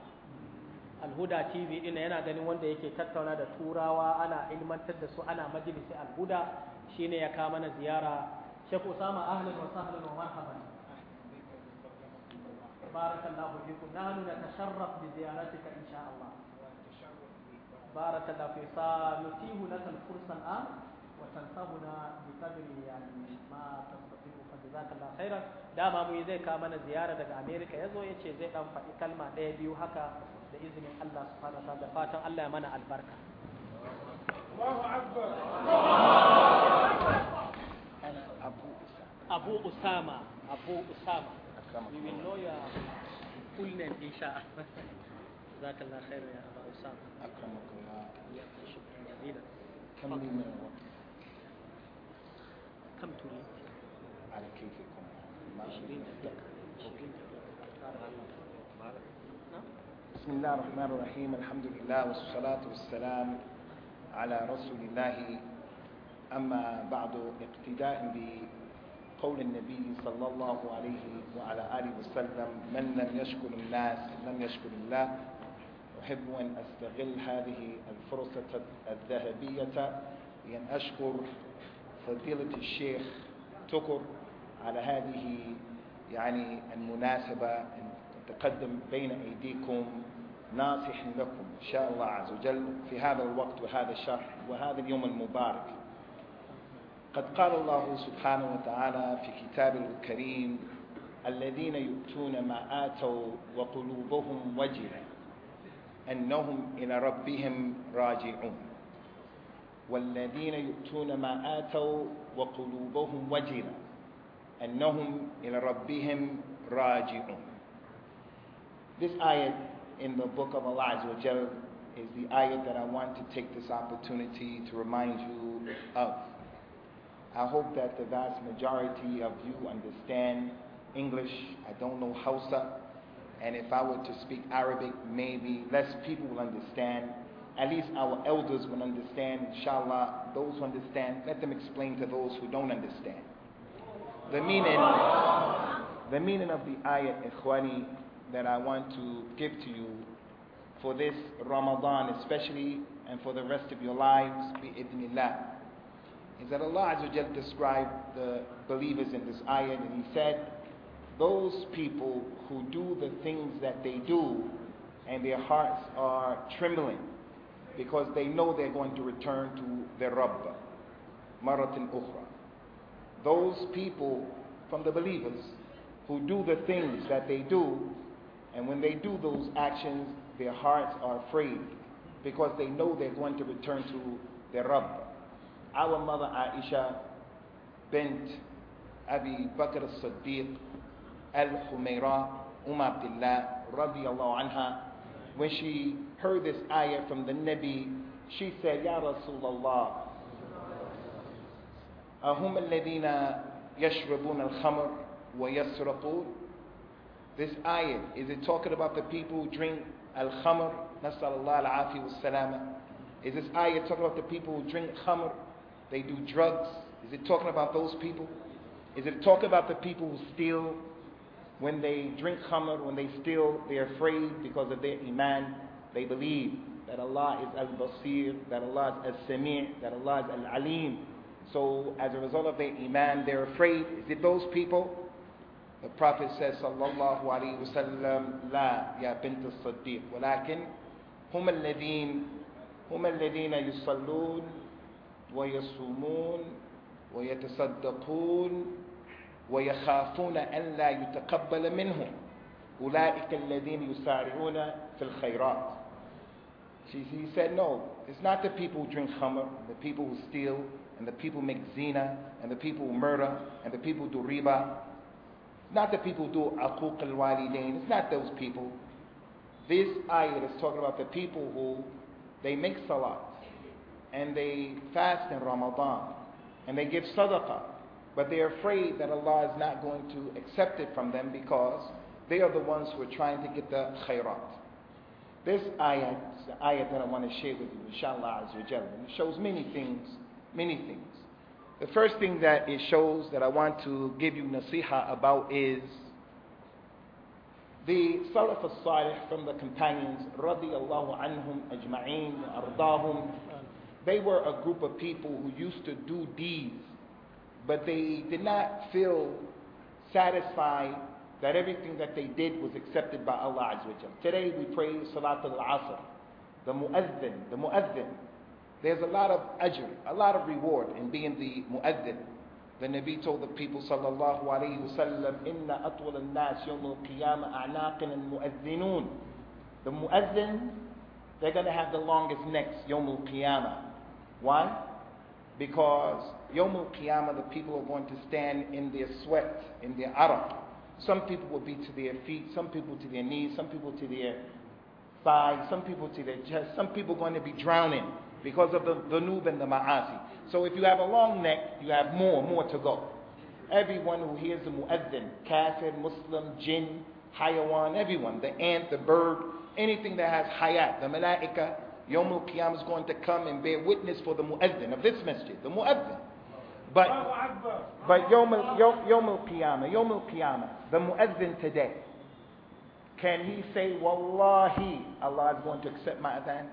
alhuda tv ɗin yana ganin wanda yake tattauna da turawa ana ilmantar da su ana majalisi alhuda shine ya kama na ziyara shek usama ahlan wa sahlan wa marhaban barakallahu fikum nahnu natasharraf bi ziyaratika insha Allah barakallahu fi sa nutihu lak al-fursa al-an wa tansahuna bi qadri yani ma جزاك الله خيرا دام أبو يزيد كمان زيارة دك أمريكا يزو يче زيد أم فاي كلمة ده بيو هكا بإذن الله سبحانه وتعالى فاتن الله منا البركة الله أكبر أبو أسامة أبو أسامة we will know your full name إن شاء الله جزاك الله خير يا أبو أسامة أكرمك الله كم من وقت كم تريد على كيفكم يعني؟ بسم الله الرحمن الرحيم الحمد لله والصلاة والسلام على رسول الله أما بعد اقتداء بقول النبي صلى الله عليه وعلى آله وسلم من لم يشكر الناس لم يشكر الله أحب أن أستغل هذه الفرصة الذهبية لأن أشكر فضيلة الشيخ تكر على هذه يعني المناسبة تقدم بين أيديكم ناصح لكم إن شاء الله عز وجل في هذا الوقت وهذا الشرح وهذا اليوم المبارك قد قال الله سبحانه وتعالى في كتابه الكريم الذين يؤتون ما آتوا وقلوبهم وجلة أنهم إلى ربهم راجعون والذين يؤتون ما آتوا وقلوبهم وجلة أنهم إلى ربهم راجعون This ayat in the book of Allah Azawajal is the ayat that I want to take this opportunity to remind you of. I hope that the vast majority of you understand English. I don't know Hausa. And if I were to speak Arabic, maybe less people will understand. At least our elders will understand, inshallah. Those who understand, let them explain to those who don't understand the meaning, the meaning of the ayat ikhwani that I want to give to you for this Ramadan especially and for the rest of your lives bi'idnillah is that Allah Azza described the believers in this ayat and He said those people who do the things that they do and their hearts are trembling because they know they're going to return to their Rabb maratin ukhra those people from the believers who do the things that they do, and when they do those actions, their hearts are afraid because they know they're going to return to their Rabb. Our mother Aisha bent Abi Bakr as-Siddiq al humaira Umm Abdullah radiallahu anha when she heard this ayah from the Nabi, she said, Ya Rasulullah, الذين يشربون الخمر ويسرقون This ayah, is it talking about the people who drink al-khamr? نسأل الله العافية والسلامة. Is this ayah talking about the people who drink khamr? They do drugs. Is it talking about those people? Is it talking about the people who steal? When they drink khamr, when they steal, they're afraid because of their iman. They believe that Allah is al-basir, that Allah is al-sami', that Allah is al-alim, so as a result of their iman, they're afraid. Is it those people? The Prophet says, sallallahu alaihi wasallam, لا يا بنت الصديق ولكن هم الذين هم الذين يصلون ويصومون ويتصدقون ويخافون أن لا يتقبل منهم أولئك الذين يسارعون في الخيرات he said, no, it's not the people who drink hummer, the people who steal, and the people make zina, and the people murder, and the people do riba. It's not the people do akuq al walidain, it's not those people. This ayat is talking about the people who they make salat, and they fast in Ramadan, and they give sadaqah, but they are afraid that Allah is not going to accept it from them because they are the ones who are trying to get the khairat. This ayat the ayat that I want to share with you, inshallah It shows many things many things. The first thing that it shows that I want to give you nasiha about is the Salaf al-Salih from the companions radiyallahu anhum ajma'een ardahum they were a group of people who used to do deeds but they did not feel satisfied that everything that they did was accepted by Allah Azza wa Today we pray Salat al-Asr the Mu'azzin the Mu'azzin there's a lot of ajr, a lot of reward in being the mu'addin. The Nabi told the people, sallallahu alayhi wasallam, inna atwal al-nas yawm al-qiyamah a'naqin al The mu'addin, they're going to have the longest necks, yawm al-qiyamah. Why? Because yawm al-qiyamah, the people are going to stand in their sweat, in their araq. Some people will be to their feet, some people to their knees, some people to their thighs, some people to their chest, some people are going to be drowning because of the noob and the ma'asi. So if you have a long neck, you have more, more to go. Everyone who hears the mu'adhin, kafir, Muslim, jinn, hayawan, everyone, the ant, the bird, anything that has hayat, the malaika, Yomul Qiyam is going to come and bear witness for the mu'adhin of this masjid, the mu'adhin. But, but Yomul Qiyamah, Yomul Qiyamah, the mu'adhin today, can he say, Wallahi, Allah is going to accept my adhan?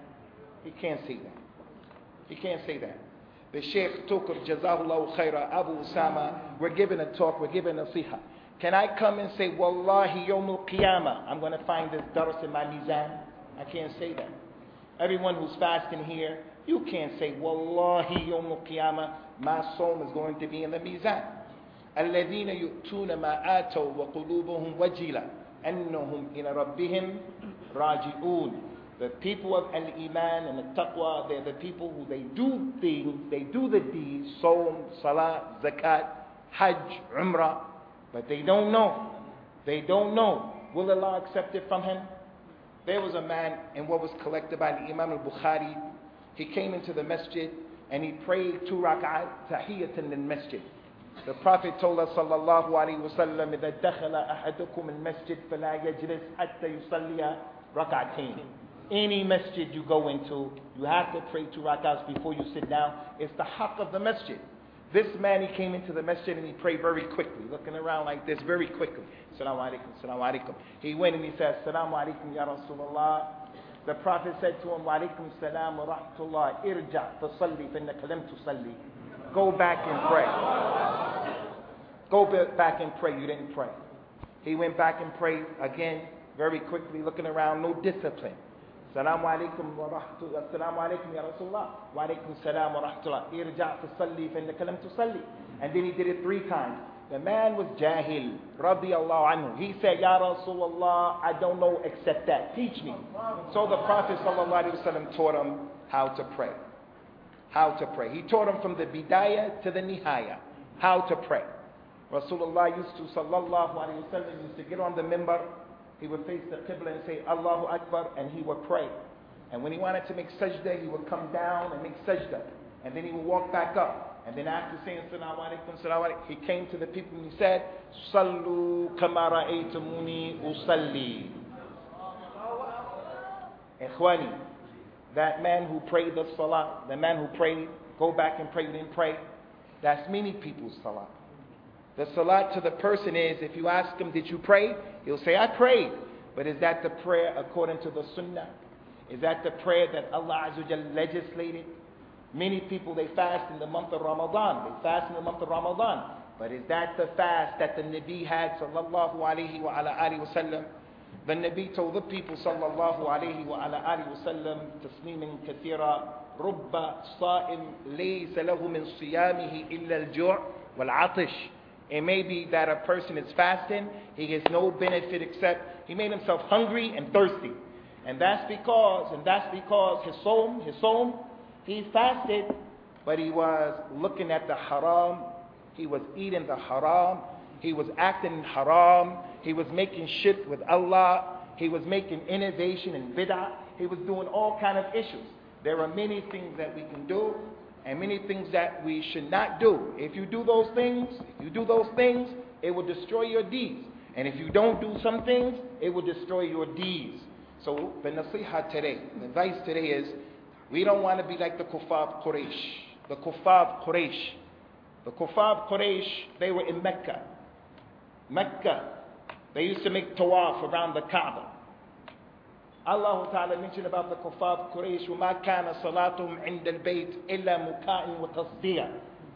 He can't see that. You can't say that. The Sheikh Tukuf, Jazahullah Khaira, Abu Usama, we're giving a talk, we're giving a siha. Can I come and say, Wallahi Yomul Qiyamah, I'm going to find this dars in my mizan? I can't say that. Everyone who's fasting here, you can't say, Wallahi Yomul Qiyamah, my soul is going to be in the mizan. الذين يؤتون ما آتوا وقلوبهم وجلة أنهم إلى ربهم راجعون the people of Al Iman and al Taqwa, they're the people who they do things, they do the deeds, Sawm, Salah, Zakat, Hajj, Umrah, but they don't know. They don't know. Will Allah accept it from him? There was a man in what was collected by the Imam al Bukhari. He came into the masjid and he prayed two rak'at tahiyatan lil masjid. The Prophet told us, sallallahu alayhi wasallam, إذا دخل أحدكم المسجد فلا يجلس حتى يصلي ركعتين. Any masjid you go into, you have to pray two rak'ahs before you sit down. It's the haq of the masjid. This man, he came into the masjid and he prayed very quickly, looking around like this very quickly. Assalamu alaikum, Assalamu alaikum. He went and he said, Assalamu alaikum, Ya Rasulullah. The Prophet said to him, Wa alaikum salam wa rahmatullah, irja fasalli finnaka lam tusalli. Go back and pray. Go back and pray, you didn't pray. He went back and prayed again, very quickly, looking around, no discipline. السلام عليكم ورحمة السلام عليكم يا رسول الله وعليكم السلام ورحمة الله ارجع تصلي فإنك لم تصلي and then he did it three times the man was jahil رضي الله عنه he said يا رسول الله I don't know except that teach me so the Prophet صلى الله عليه وسلم taught him how to pray how to pray he taught him from the bidayah to the nihaya how to pray Rasulullah used to صلى الله عليه وسلم used to get on the member he would face the Qibla and say, Allahu Akbar, and he would pray. And when he wanted to make sajda, he would come down and make sajda. And then he would walk back up. And then after saying salawat, he came to the people and he said, Sallu kamara aitamuni usalli. Ikhwani, that man who prayed the salah, the man who prayed, go back and pray, didn't pray, that's many people's salah. The salat to the person is if you ask him, Did you pray? He'll say, I prayed. But is that the prayer according to the sunnah? Is that the prayer that Allah Azza legislated? Many people they fast in the month of Ramadan. They fast in the month of Ramadan. But is that the fast that the Nabi had sallallahu alayhi wa ala alihi wasallam? The Nabi told the people sallallahu alayhi wa ala alihi wasallam tasneeman kathira رب صائم ليس له من صيامه إلا الجوع والعطش it may be that a person is fasting, he gets no benefit except he made himself hungry and thirsty. And that's because, and that's because his soul, his soul, he fasted, but he was looking at the haram, he was eating the haram, he was acting haram, he was making shirk with Allah, he was making innovation and bid'ah, he was doing all kind of issues. There are many things that we can do and many things that we should not do. If you do those things, if you do those things, it will destroy your deeds. And if you don't do some things, it will destroy your deeds. So the nasiha today, the advice today is we don't want to be like the kuffar of Quraysh. The kuffar of Quraysh. The kuffar of Quraysh, they were in Mecca. Mecca. They used to make tawaf around the Kaaba. Allah Ta'ala mentioned about the kuffar of Quraysh, وَمَا كَانَ صَلَاتُهُمْ عِنْدَ الْبَيْتِ إِلَّا مُكَاءٍ وَتَصْدِيَةٍ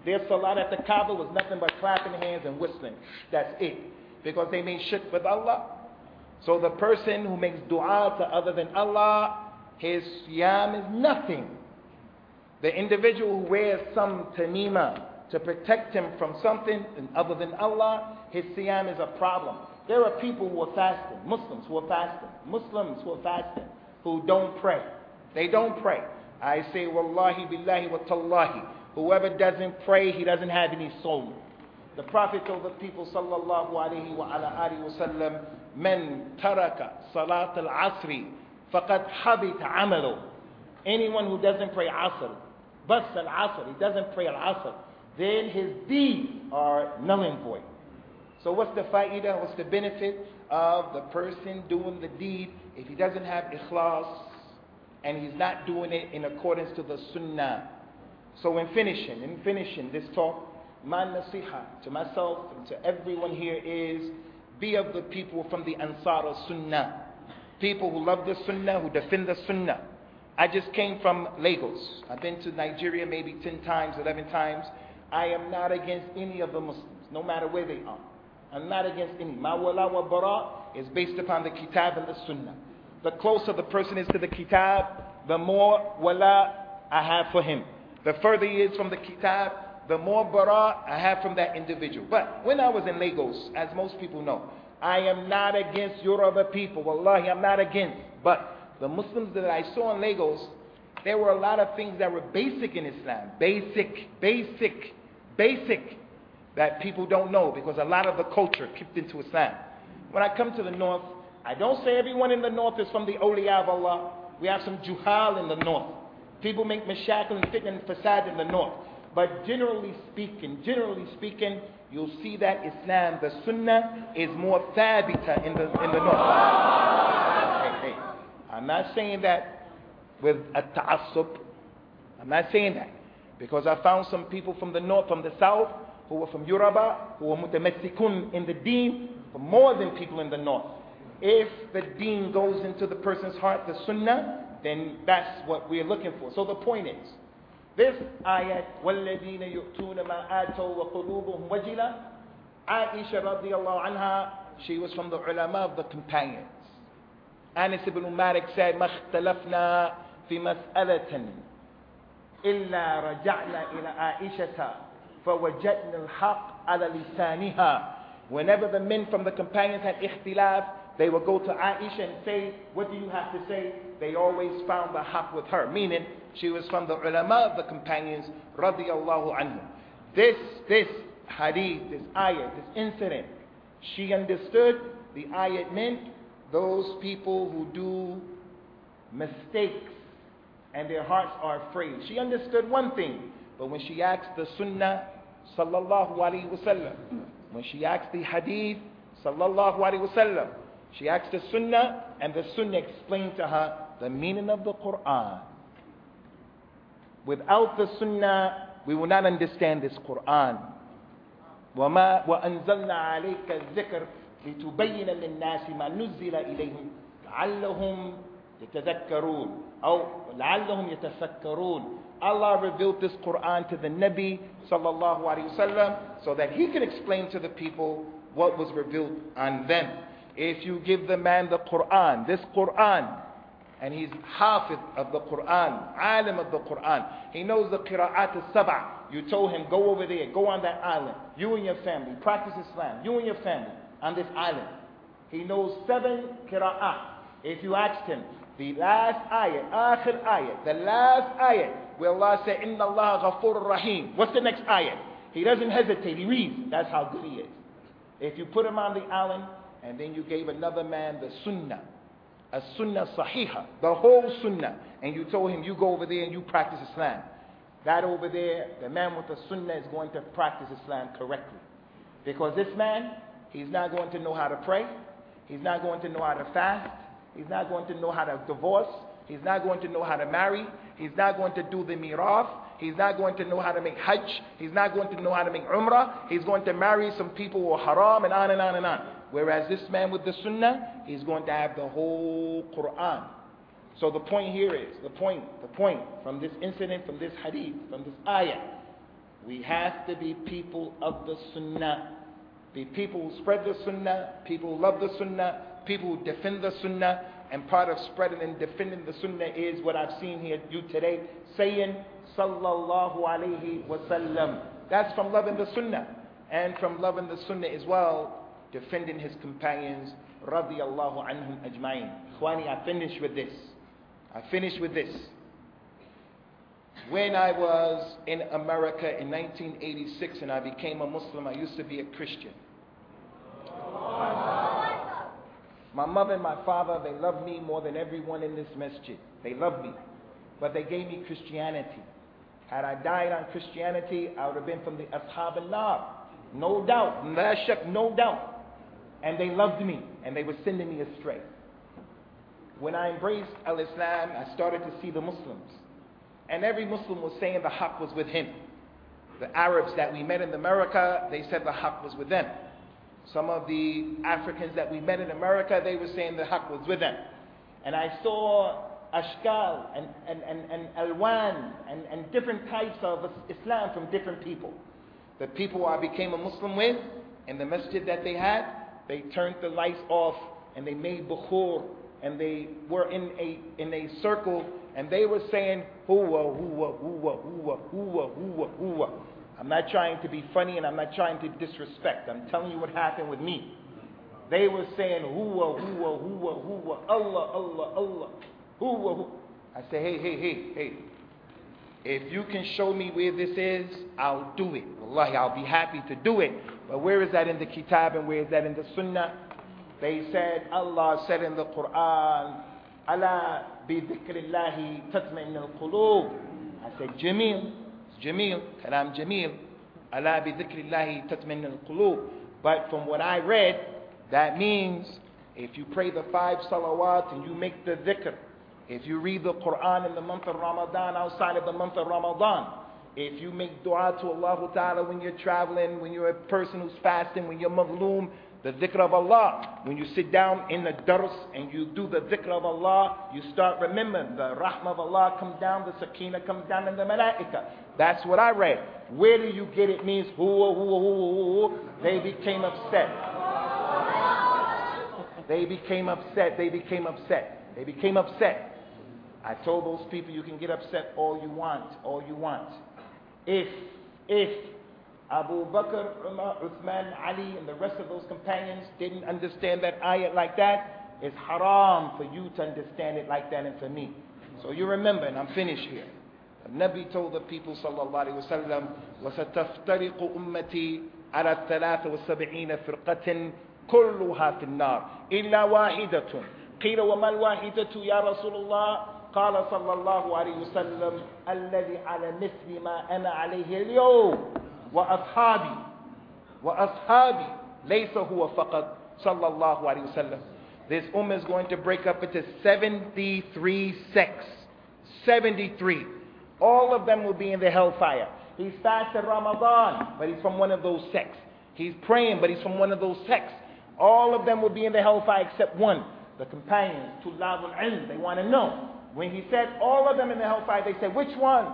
Their salat at the Kaaba was nothing but clapping hands and whistling. That's it. Because they made shirk with Allah. So the person who makes dua to other than Allah, his yam is nothing. The individual who wears some tanima to protect him from something other than Allah, his siyam is a problem. There are people who are fasting, Muslims who are fasting, Muslims who are fasting, who don't pray. They don't pray. I say, Wallahi billahi wa tallahi. Whoever doesn't pray, he doesn't have any soul. The Prophet told the people, sallallahu alayhi wa ala alihi wa sallam, Man taraka salat al asri faqad habit Anyone who doesn't pray asr, بس العصر, asr, he doesn't pray al asr, then his deeds are null and void. So what's the faida? what's the benefit of the person doing the deed if he doesn't have ikhlas and he's not doing it in accordance to the sunnah? So in finishing, in finishing this talk, my nasiha to myself and to everyone here is be of the people from the Ansar al-Sunnah. People who love the Sunnah, who defend the Sunnah. I just came from Lagos. I've been to Nigeria maybe 10 times, 11 times. I am not against any of the Muslims, no matter where they are. I'm not against any. Mawala wa bara is based upon the kitab and the sunnah. The closer the person is to the kitab, the more wala I have for him. The further he is from the kitab, the more bara I have from that individual. But when I was in Lagos, as most people know, I am not against Yoruba people. Wallahi, I'm not against. But the Muslims that I saw in Lagos, there were a lot of things that were basic in Islam. Basic, basic, basic that people don't know because a lot of the culture kept into Islam. When I come to the north, I don't say everyone in the north is from the awliya of Allah. We have some juhal in the north. People make mashakal and fitna and fasad in the north. But generally speaking, generally speaking, you'll see that Islam, the Sunnah, is more thabita in the, in the north. Hey, hey. I'm not saying that with a I'm not saying that. Because I found some people from the north, from the south, who were from Yoruba, who were mutamassikun in the deen, more than people in the north. If the deen goes into the person's heart, the sunnah, then that's what we're looking for. So the point is, this ayat, وَالَّذِينَ يُؤْتُونَ مَا آتَوا وَقُلُوبُهُمْ وَجِلَةً Aisha radiallahu anha, she was from the ulama of the companions. Anas ibn Malik said, مَا اخْتَلَفْنَا فِي مَسْأَلَةٍ إِلَّا رَجَعْنَا إِلَى فَوَجَدْنَا الْحَقَّ عَلَى لِسَانِهَا Whenever the men from the companions had ihtilaf, they would go to Aisha and say, What do you have to say? They always found the haq with her, meaning she was from the ulama of the companions, radiallahu anhu. This, this hadith, this ayat, this incident, she understood the ayat meant those people who do mistakes and their hearts are afraid. She understood one thing, but when she asked the sunnah sallallahu alayhi wasallam. When she asked the hadith, sallallahu alayhi wasallam, she asked the sunnah, and the sunnah explained to her the meaning of the Quran. Without the sunnah, we will not understand this Quran. وما وأنزلنا عليك الذكر لتبين للناس ما نزل إليهم لعلهم يتذكرون أو لعلهم يتفكرون Allah revealed this Quran to the Nabi sallallahu alaihi wasallam so that he can explain to the people what was revealed on them. If you give the man the Quran, this Quran, and he's hafiz of the Quran, alim of the Quran, he knows the qira'at al-sab'a. You told him, go over there, go on that island, you and your family, practice Islam, you and your family, on this island. He knows seven qira'at. If you asked him, the last ayat, akhir ayat, the last ayat, where Allah said, Inna Allah ghafur rahim. What's the next ayah? He doesn't hesitate, he reads. That's how good he is. If you put him on the island and then you gave another man the sunnah, a sunnah sahiha, the whole sunnah, and you told him, you go over there and you practice Islam. That over there, the man with the sunnah is going to practice Islam correctly. Because this man, he's not going to know how to pray, he's not going to know how to fast, he's not going to know how to divorce, He's not going to know how to marry. He's not going to do the miraf. He's not going to know how to make hajj. He's not going to know how to make umrah. He's going to marry some people who are haram and on and on and on. Whereas this man with the sunnah, he's going to have the whole Quran. So the point here is, the point, the point from this incident, from this hadith, from this ayah, we have to be people of the sunnah. Be people who spread the sunnah, people who love the sunnah, people who defend the sunnah, and part of spreading and defending the sunnah is what I've seen here you today, saying sallallahu alaihi wasallam. That's from loving the sunnah. And from loving the sunnah as well, defending his companions, radiallahu anhum ajma'in. Khwani, I finish with this. I finish with this. When I was in America in 1986 and I became a Muslim, I used to be a Christian. My mother and my father, they love me more than everyone in this masjid. They love me. But they gave me Christianity. Had I died on Christianity, I would have been from the Ashab al-Nar. No doubt. No doubt. And they loved me, and they were sending me astray. When I embraced al-Islam, I started to see the Muslims. And every Muslim was saying the haq was with him. The Arabs that we met in America, they said the haq was with them. Some of the Africans that we met in America, they were saying the haq was with them. And I saw ashkal and, and, and, and alwan and, and different types of Islam from different people. The people I became a Muslim with, and the masjid that they had, they turned the lights off and they made bukhur and they were in a, in a circle and they were saying, hoowa, hoowa, hoowa, hoowa, hoowa, hoowa, hoowa. I'm not trying to be funny and I'm not trying to disrespect. I'm telling you what happened with me. They were saying, "Whoa, whoa, whoa, whoa, Allah, Allah, Allah, whoa, I said, hey, hey, hey, hey. If you can show me where this is, I'll do it. Wallahi, I'll be happy to do it. But where is that in the Kitab and where is that in the Sunnah? They said, Allah said in the Quran, Allah bi dhikrillahi tatma'in al-qulub. I said, Jamil, Jamil, Kalam Jamil, Allah bi dhikrillahi tatmin al-qulub. But from what I read, that means if you pray the five salawat and you make the dhikr, if you read the Quran in the month of Ramadan, outside of the month of Ramadan, if you make dua to Allah Ta'ala when you're traveling, when you're a person who's fasting, when you're mazloom, the dhikr of Allah. When you sit down in the dars and you do the dhikr of Allah, you start remembering the rahmah of Allah come down, the sakina come down, and the malaika. That's what I read. Where do you get it means who, who, who, They became upset. They became upset. They became upset. They became upset. I told those people you can get upset all you want, all you want. If, if Abu Bakr, Umar, Uthman, Ali, and the rest of those companions didn't understand that ayat like that. It's haram for you to understand it like that and for me. So you remember, and I'm finished here. The Nabi told the people, sallallahu alayhi wasallam, وَسَتَفْتَرِقُ أُمَّتِي عَلَى الثَّلَاثَ وَسَبْعِينَ فِرْقَةٍ كلها في النار إلا واحدة قيل وما الواحدة يا رسول الله قال صلى الله عليه وسلم الذي على مثل ما أنا عليه اليوم وأصحابي وأصحابي ليس هو فقط صلى الله عليه وسلم This ummah is going to break up into 73 sects. 73. All of them will be in the hellfire. He's fasted Ramadan, but he's from one of those sects. He's praying, but he's from one of those sects. All of them will be in the hellfire except one. The companions, Tulabul Ilm, they want to know. When he said all of them in the hellfire, they said, which one?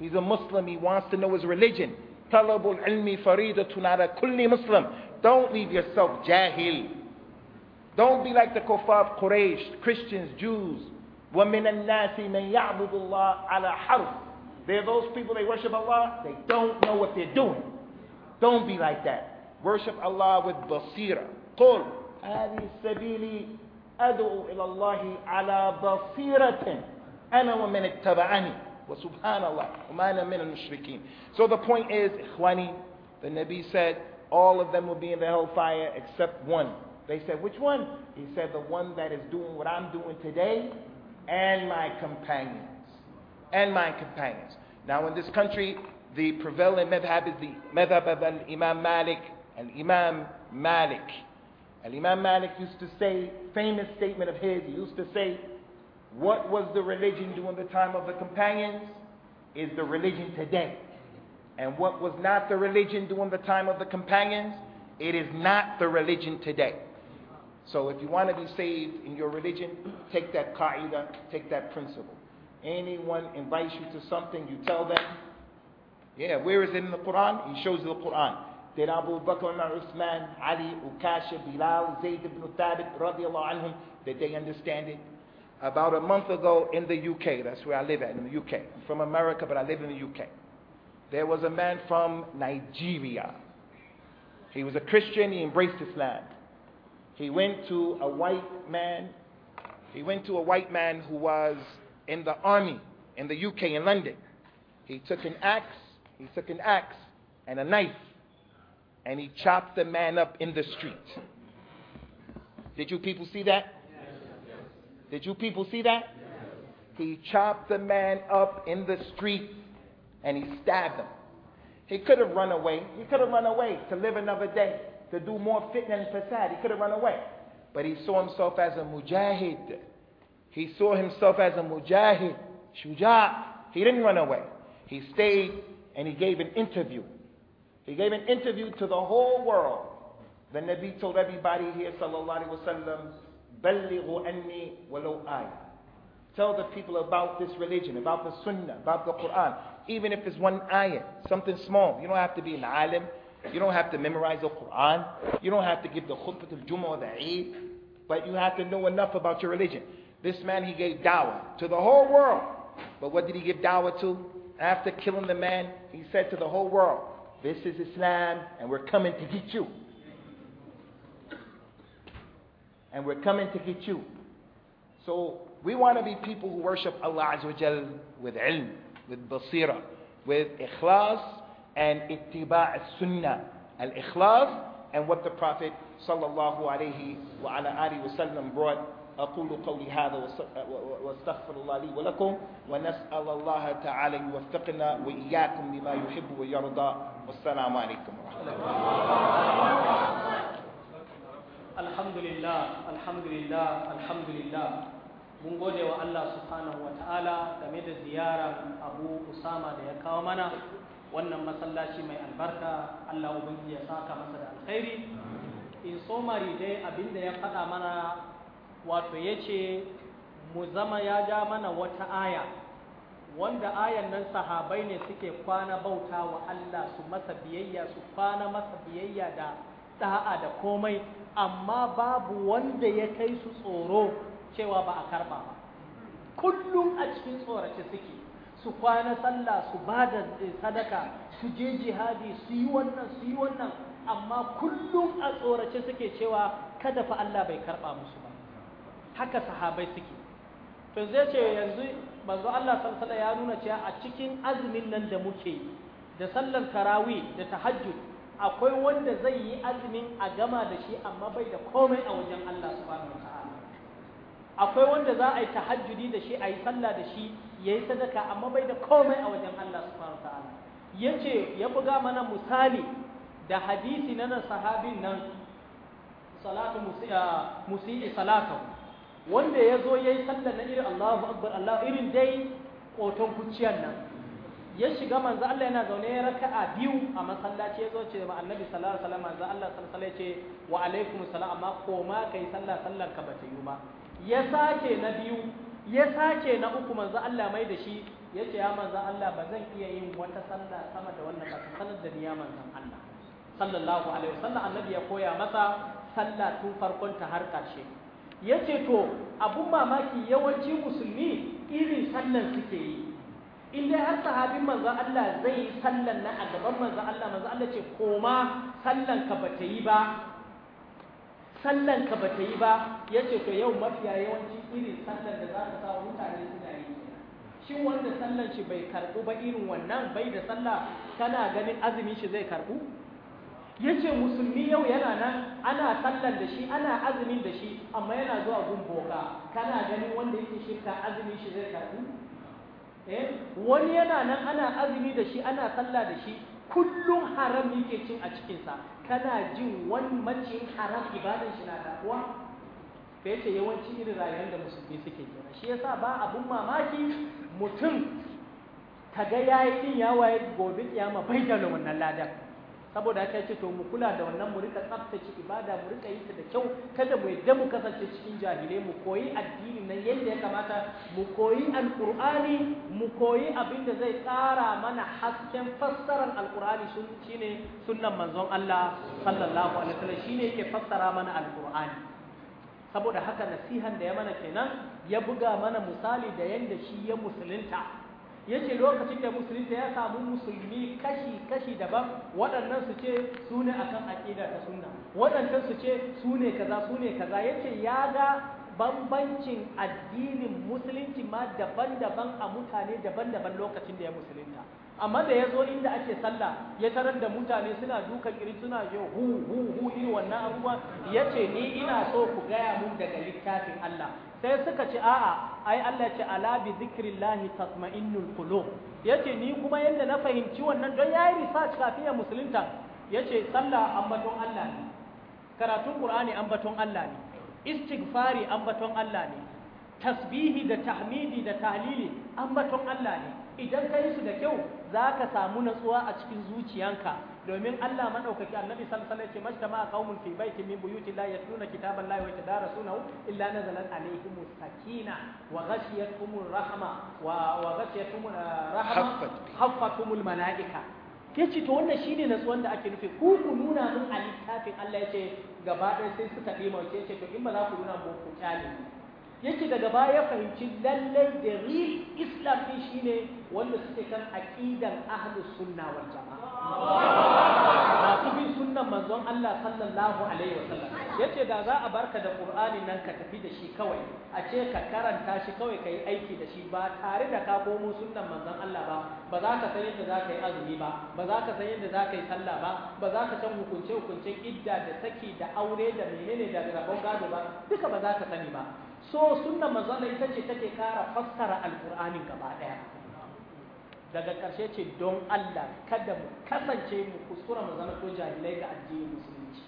He's a Muslim. He wants to know his religion. طلب العلم فريضة على Kulli Muslim. Don't leave yourself jahil. Don't be like the kuffar of Quraysh, Christians, Jews. وَمِنَ النَّاسِ مَنْ يَعْبُدُ اللَّهَ عَلَى حَرْفٍ They're those people, they worship Allah, they don't know what they're doing. Don't be like that. Worship Allah with basira. قُلْ هَذِي سَبِيلِي أَدْعُوا إِلَى اللَّهِ عَلَى بَصِيرَةٍ أَنَا وَمَنِ اتَّبَعَنِي subhanallah, min al-mushrikeen. So the point is, ikhwani, the Nabi said, all of them will be in the hellfire except one. They said, which one? He said, the one that is doing what I'm doing today and my companions. And my companions. Now in this country, the prevailing madhab is the madhab of Imam Malik, and Imam Malik. Al Imam Malik used to say, famous statement of his, he used to say, what was the religion during the time of the companions is the religion today. And what was not the religion during the time of the companions, it is not the religion today. So if you want to be saved in your religion, take that qaida, take that principle. Anyone invites you to something, you tell them, yeah, where is it in the Quran? He shows you the Quran. Then Abu Bakr and Uthman, Ali, Ukasha, Bilal, Zayd ibn Thabit, radiallahu anhum, that they understand it about a month ago in the UK. That's where I live at, in the UK. I'm from America, but I live in the UK. There was a man from Nigeria. He was a Christian, he embraced Islam. He went to a white man. He went to a white man who was in the army in the UK in London. He took an axe, he took an axe and a knife, and he chopped the man up in the street. Did you people see that? Did you people see that? He chopped the man up in the street and he stabbed him. He could have run away. He could have run away to live another day, to do more fitna and fasad. He could have run away. But he saw himself as a mujahid. He saw himself as a mujahid, shuja. He didn't run away. He stayed and he gave an interview. He gave an interview to the whole world. The Nabi told everybody here, sallallahu alaihi wasallam, بلغوا أني ولو آية Tell the people about this religion, about the Sunnah, about the Quran. Even if it's one ayah, something small. You don't have to be an alim. You don't have to memorize the Quran. You don't have to give the khutbah al Jummah or the Eid. But you have to know enough about your religion. This man, he gave dawah to the whole world. But what did he give dawah to? After killing the man, he said to the whole world, This is Islam, and we're coming to get you and we're coming to get you. So we want to be people who worship Allah Azza wa Jal with ilm, with basira, with ikhlas and ittiba' sunnah. Al ikhlas and what the Prophet sallallahu alayhi wa ala alihi wa sallam brought. أقول قولي هذا واستغفر الله لي ولكم ونسأل الله تعالى يوفقنا وإياكم بما يحب ويرضى والسلام عليكم ورحمة الله alhamdulillah alhamdulillah alhamdulillah mun gode wa Allah subhanahu wa ta'ala game da ziyarar abu usama da ya kawo mana wannan masallaci mai albarka Allah ubangiji ya saka masa da alkhairi in somari dai abinda ya faɗa mana wato ya ce mu zama ya ja mana wata aya wanda ayan nan sahabai ne suke kwana bauta wa Allah su masa biyayya su kwana masa biyayya da da'a da komai amma babu wanda ya kai su tsoro cewa ba a karba ba kullum a cikin tsorace suke su kwana sallah su ba da eh, sadaka su je jihadi su yi wannan su yi wannan amma kullum a tsorace suke cewa kada fa Allah bai karba musu ba haka sahabai suke to zai ce yanzu manzo Allah sallallahu ya nuna cewa a cikin azumin nan da muke da sallar tarawih da tahajjud akwai wanda zai yi azumin a gama da shi amma bai da komai a wajen Allah subhanahu wata'ala akwai wanda za a yi tahajjudi da shi a yi sallah da shi ya yi sadaka amma bai da komai a wajen Allah subhanahu wata'ala ya ce ya buga mana misali da hadisi na nan sahabin nan salatu ah, musi'i salatu wanda ya zo ya yi sallah na irin Allahu akbar Allah irin dai ƙoton kuciyar nan ya shiga manzo Allah yana zaune ya raka'a biyu a masallaci ya zo ce ma annabi sallallahu alaihi wasallam manzo Allah sallallahu alaihi ce wa alaikum salam amma koma kai sallah sallar ka bata yi ba ya sace na biyu ya sace na uku manzo Allah mai da shi ya ce ya manzo Allah ba zan iya yin wata sallah sama da wannan ba sanar da ni ya manzo Allah sallallahu alaihi wasallam annabi ya koya masa sallah tun farkon ta har karshe ya ce to abun mamaki yawanci musulmi irin sallan suke yi in dai har sahabin manzon Allah zai yi sallan na a gaban manzon Allah manzon Allah ce koma sallan ka bata yi ba sallan ka bata yi ba yace to yau mafiya yawanci irin sallan da za ka sa mutane da yi shin wanda sallan shi bai karbu ba irin wannan bai da sallah kana ganin azumin shi zai karbu yace musulmi yau yana nan ana sallan da shi ana azumin da shi amma yana zuwa gun boka kana ganin wanda yake shirka azumin shi zai karbu wani yana nan ana azumi da shi ana sallah da shi kullum haram yake cin a cikinsa kana jin wani macin haram ibadan shi na dakuwa da yace yawanci irin rayuwar da musulmi suke kenan shi yasa ba abun mamaki mutum ga yayi din ya waye gobe kiyama bai da wannan ladan saboda haka ce to mu kula da wannan mu rika tsaftace ibada mu rika yi ta da kyau kada mu yadda mu kasance cikin jahilai mu koyi addini nan yadda ya kamata mu koyi alqur'ani mu koyi abin da zai ƙara mana hasken fassarar alqur'ani sun shine sunnan manzon Allah sallallahu alaihi wasallam shine yake fassara mana alqur'ani saboda haka nasihan da ya mana kenan ya buga mana misali da yanda shi ya musulunta yace lokacin da musulunta ya samu musulmi kashi kashi daban waɗannan su ce su ne a kan aƙida ta suna, waɗannan su ce su ne kaza su ne kaza yace ya ga bambancin addinin musulunci ma daban-daban a mutane daban-daban lokacin da ya musulunta amma da ya zo inda ake sallah ya tarar da mutane suna dukan iri suna yi hu hu hu irin wannan abubuwa ya ce ni ina so ku gaya mun daga littafin Allah sai suka ci a'a ai Allah ce ala bi zikrillah tatma'innul qulub yace ni kuma yanda na fahimci wannan don yayi research kafin musulunta yace sallah ambaton Allah ne karatun Qur'ani ambaton Allah ne istighfari ambaton Allah ne tasbihi da tahmidi da tahlili ambaton Allah ne idan ka yi su da kyau zaka samu natsuwa a cikin zuciyanka domin Allah madaukaki annabi sallallahu alaihi wasallam ya ce majtama qaumun fi baitin min buyuti la yatluna kitaballahi wa yatadarasunahu illa nazalat alaihimus sakina wa ghashiyatuhumur rahma wa wa ghashiyatuhumur uh, rahma haffatumul malaika yace to wannan shine natsuwan da ake nufi ku ku nuna min a littafin Allah yace gaba ɗaya sai suka dima yace to in ba za ku nuna mu ku kyale yake daga baya fahimci lallai da real islam din shine wanda suke kan aqidan ahlus sunna wal masu bin sunnan manzon Allah sallallahu alaihi wasallam yace da za a barka da ƙur'ani nan ka tafi da shi kawai a ce ka karanta shi kawai ka yi aiki da shi ba tare da ka komo sunan manzon Allah ba ba za ka san yadda za ka yi azumi ba ba za ka san yadda za ka yi sallah ba ba za ka san hukunce hukuncen idda da saki da aure da menene da rabon gado ba duka ba za ka sani ba so sunan manzon Allah ita ce take kara fassara Alƙur'anin gaba ɗaya? daga ƙarshe ce don Allah kada mu kasance mu kuskura mu zama to jahilai ga addinin musulunci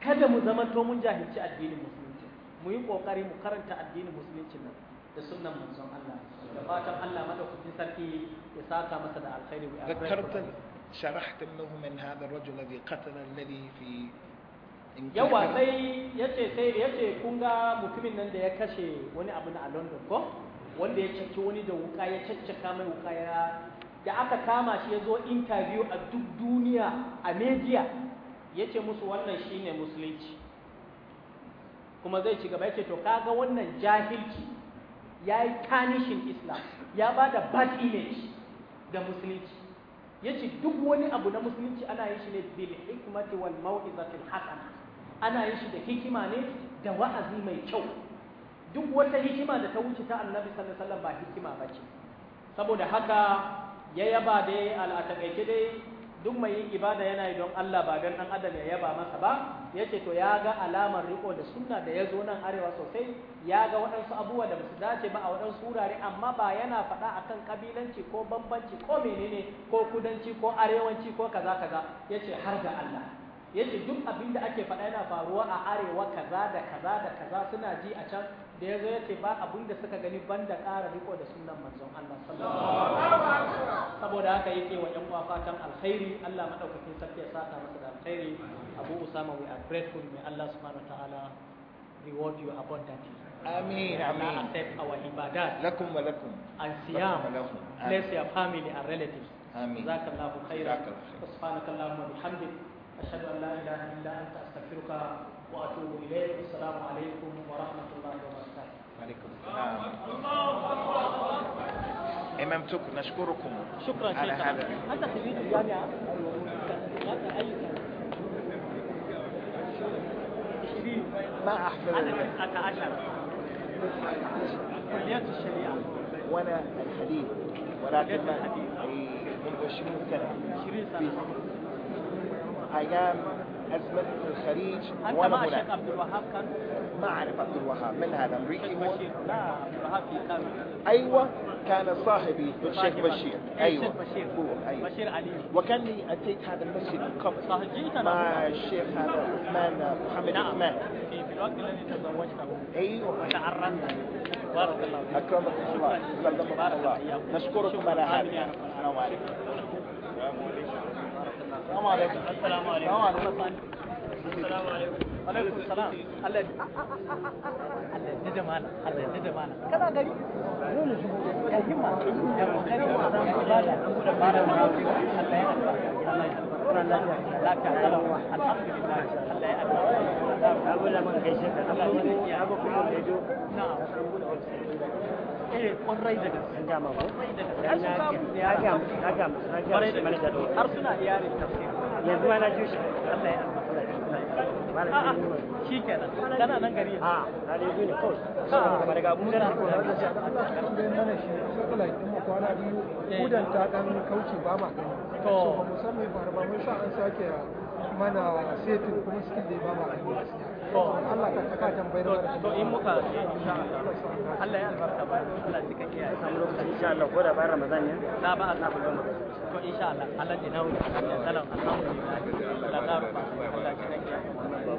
kada mu zama to mun jahilci addinin musulunci mu yi kokari mu karanta addinin musulunci nan da sunnan manzon Allah da fatan Allah madaukakin sarki ya saka masa da alkhairi wa zakarta شرحت له من هذا الرجل الذي قتل الذي في yawa sai yace sai yace kun ga mutumin nan da ya kashe wani abu na a London ko wanda ya caki wani da wuka ya caccaka mai wuka ya da aka kama shi ya zo interview a duk duniya a media ya ce musu wannan shi ne musulunci kuma zai ci gaba ya ce to kaga wannan jahilci ya yi tanishin islam ya ba da bad image ga musulunci ya ce duk wani abu na musulunci ana yin shi ne bil hikmati wal mau'izatil hasana ana yin shi da hikima ne da wa'azi mai kyau duk wata hikima da ta wuce ta annabi sallallahu alaihi wasallam ba hikima ba ce saboda haka ya yaba dai al'atakaice dai duk mai yin ibada yana yi don Allah ba don ɗan adam ya yaba masa ba ya ce to ya ga alamar riko da sunna da ya zo nan arewa sosai ya ga waɗansu abubuwa da basu dace ba a waɗansu wurare amma ba yana faɗa akan kabilanci ko bambanci ko menene ko kudanci ko arewanci ko kaza kaza ya ce har ga Allah ya ce duk abin da ake faɗa yana faruwa a arewa kaza da kaza da kaza suna ji a can da ya zo ya ce ba abin da suka gani banda ƙara riko da sunan manzon Allah saboda haka yake wa ƴan uwa fatan alkhairi Allah madaukakin sarki ya saka masa da alkhairi Abu Usama we are grateful may Allah subhanahu wa ta'ala reward you abundantly Amin, Allah accept our ibadat. Lakum wa lakum. And siyam. Bless your family and relatives. Amin. Zaka khairan. Subhanaka Allahumma bihamdik. Ashhadu an la ilaha illa anta astaghfiruka wa atubu ilayk. Assalamu alaikum عليكم السلام نشكركم شكرا على هذا حتى في الجامعة ما احفظ أنا تسعة كليات الشريعة وأنا الحديث ولكن إيه، منذ 20 سنة 20 سنة أيام أزمة الخليج وأنا هنا عبد الوهاب كان ما عرف عبد الوهاب من هذا أمريكي هو لا كان أيوة كان صاحبي الشيخ بشير إيه، أيوة بشير هو أيوة بشير علي وكان لي أتيت هذا المسجد قبل مع الشيخ هذا عثمان محمد نعم. عثمان في الوقت الذي تزوجته أيوة تعرفنا بارك الله أكرمك الله سلمك الله نشكركم على هذا السلام عليكم السلام عليكم السلام عليكم السلام عليكم عليكم السلام الله الله جمانا الله جمانا كذا غريب دول يا همة يا غريب هذا بعد ما الله يكبر الله يكبر الله لا تعلم الحمد لله الله يكبر أقول لك أي شيء أقول يا أبو كل يجو نعم kwarai da gaske gama ba ya gama ya gama na gama kwarai da gaske har suna iya ne tafsir yanzu ma na ji shi Allah ya shi kenan kana nan gari a na da yi ne kawai ka ba daga abuja na kuma da shi mana shi sakula din mu kwana biyu kudan ta dan kauce ba ma gani to ba mu san me faru ba mun sa an sake mana setin kuma skill da ba ma gani to Allah ka taka tambayar to in muka insha Allah Allah ya albarka ba Allah cika kiyaye samu lokaci insha Allah ko da bayan Ramadan ne na ba Allah ba to insha Allah Allah ya nawo ya salam alhamdulillah Allah ya rufa Allah ya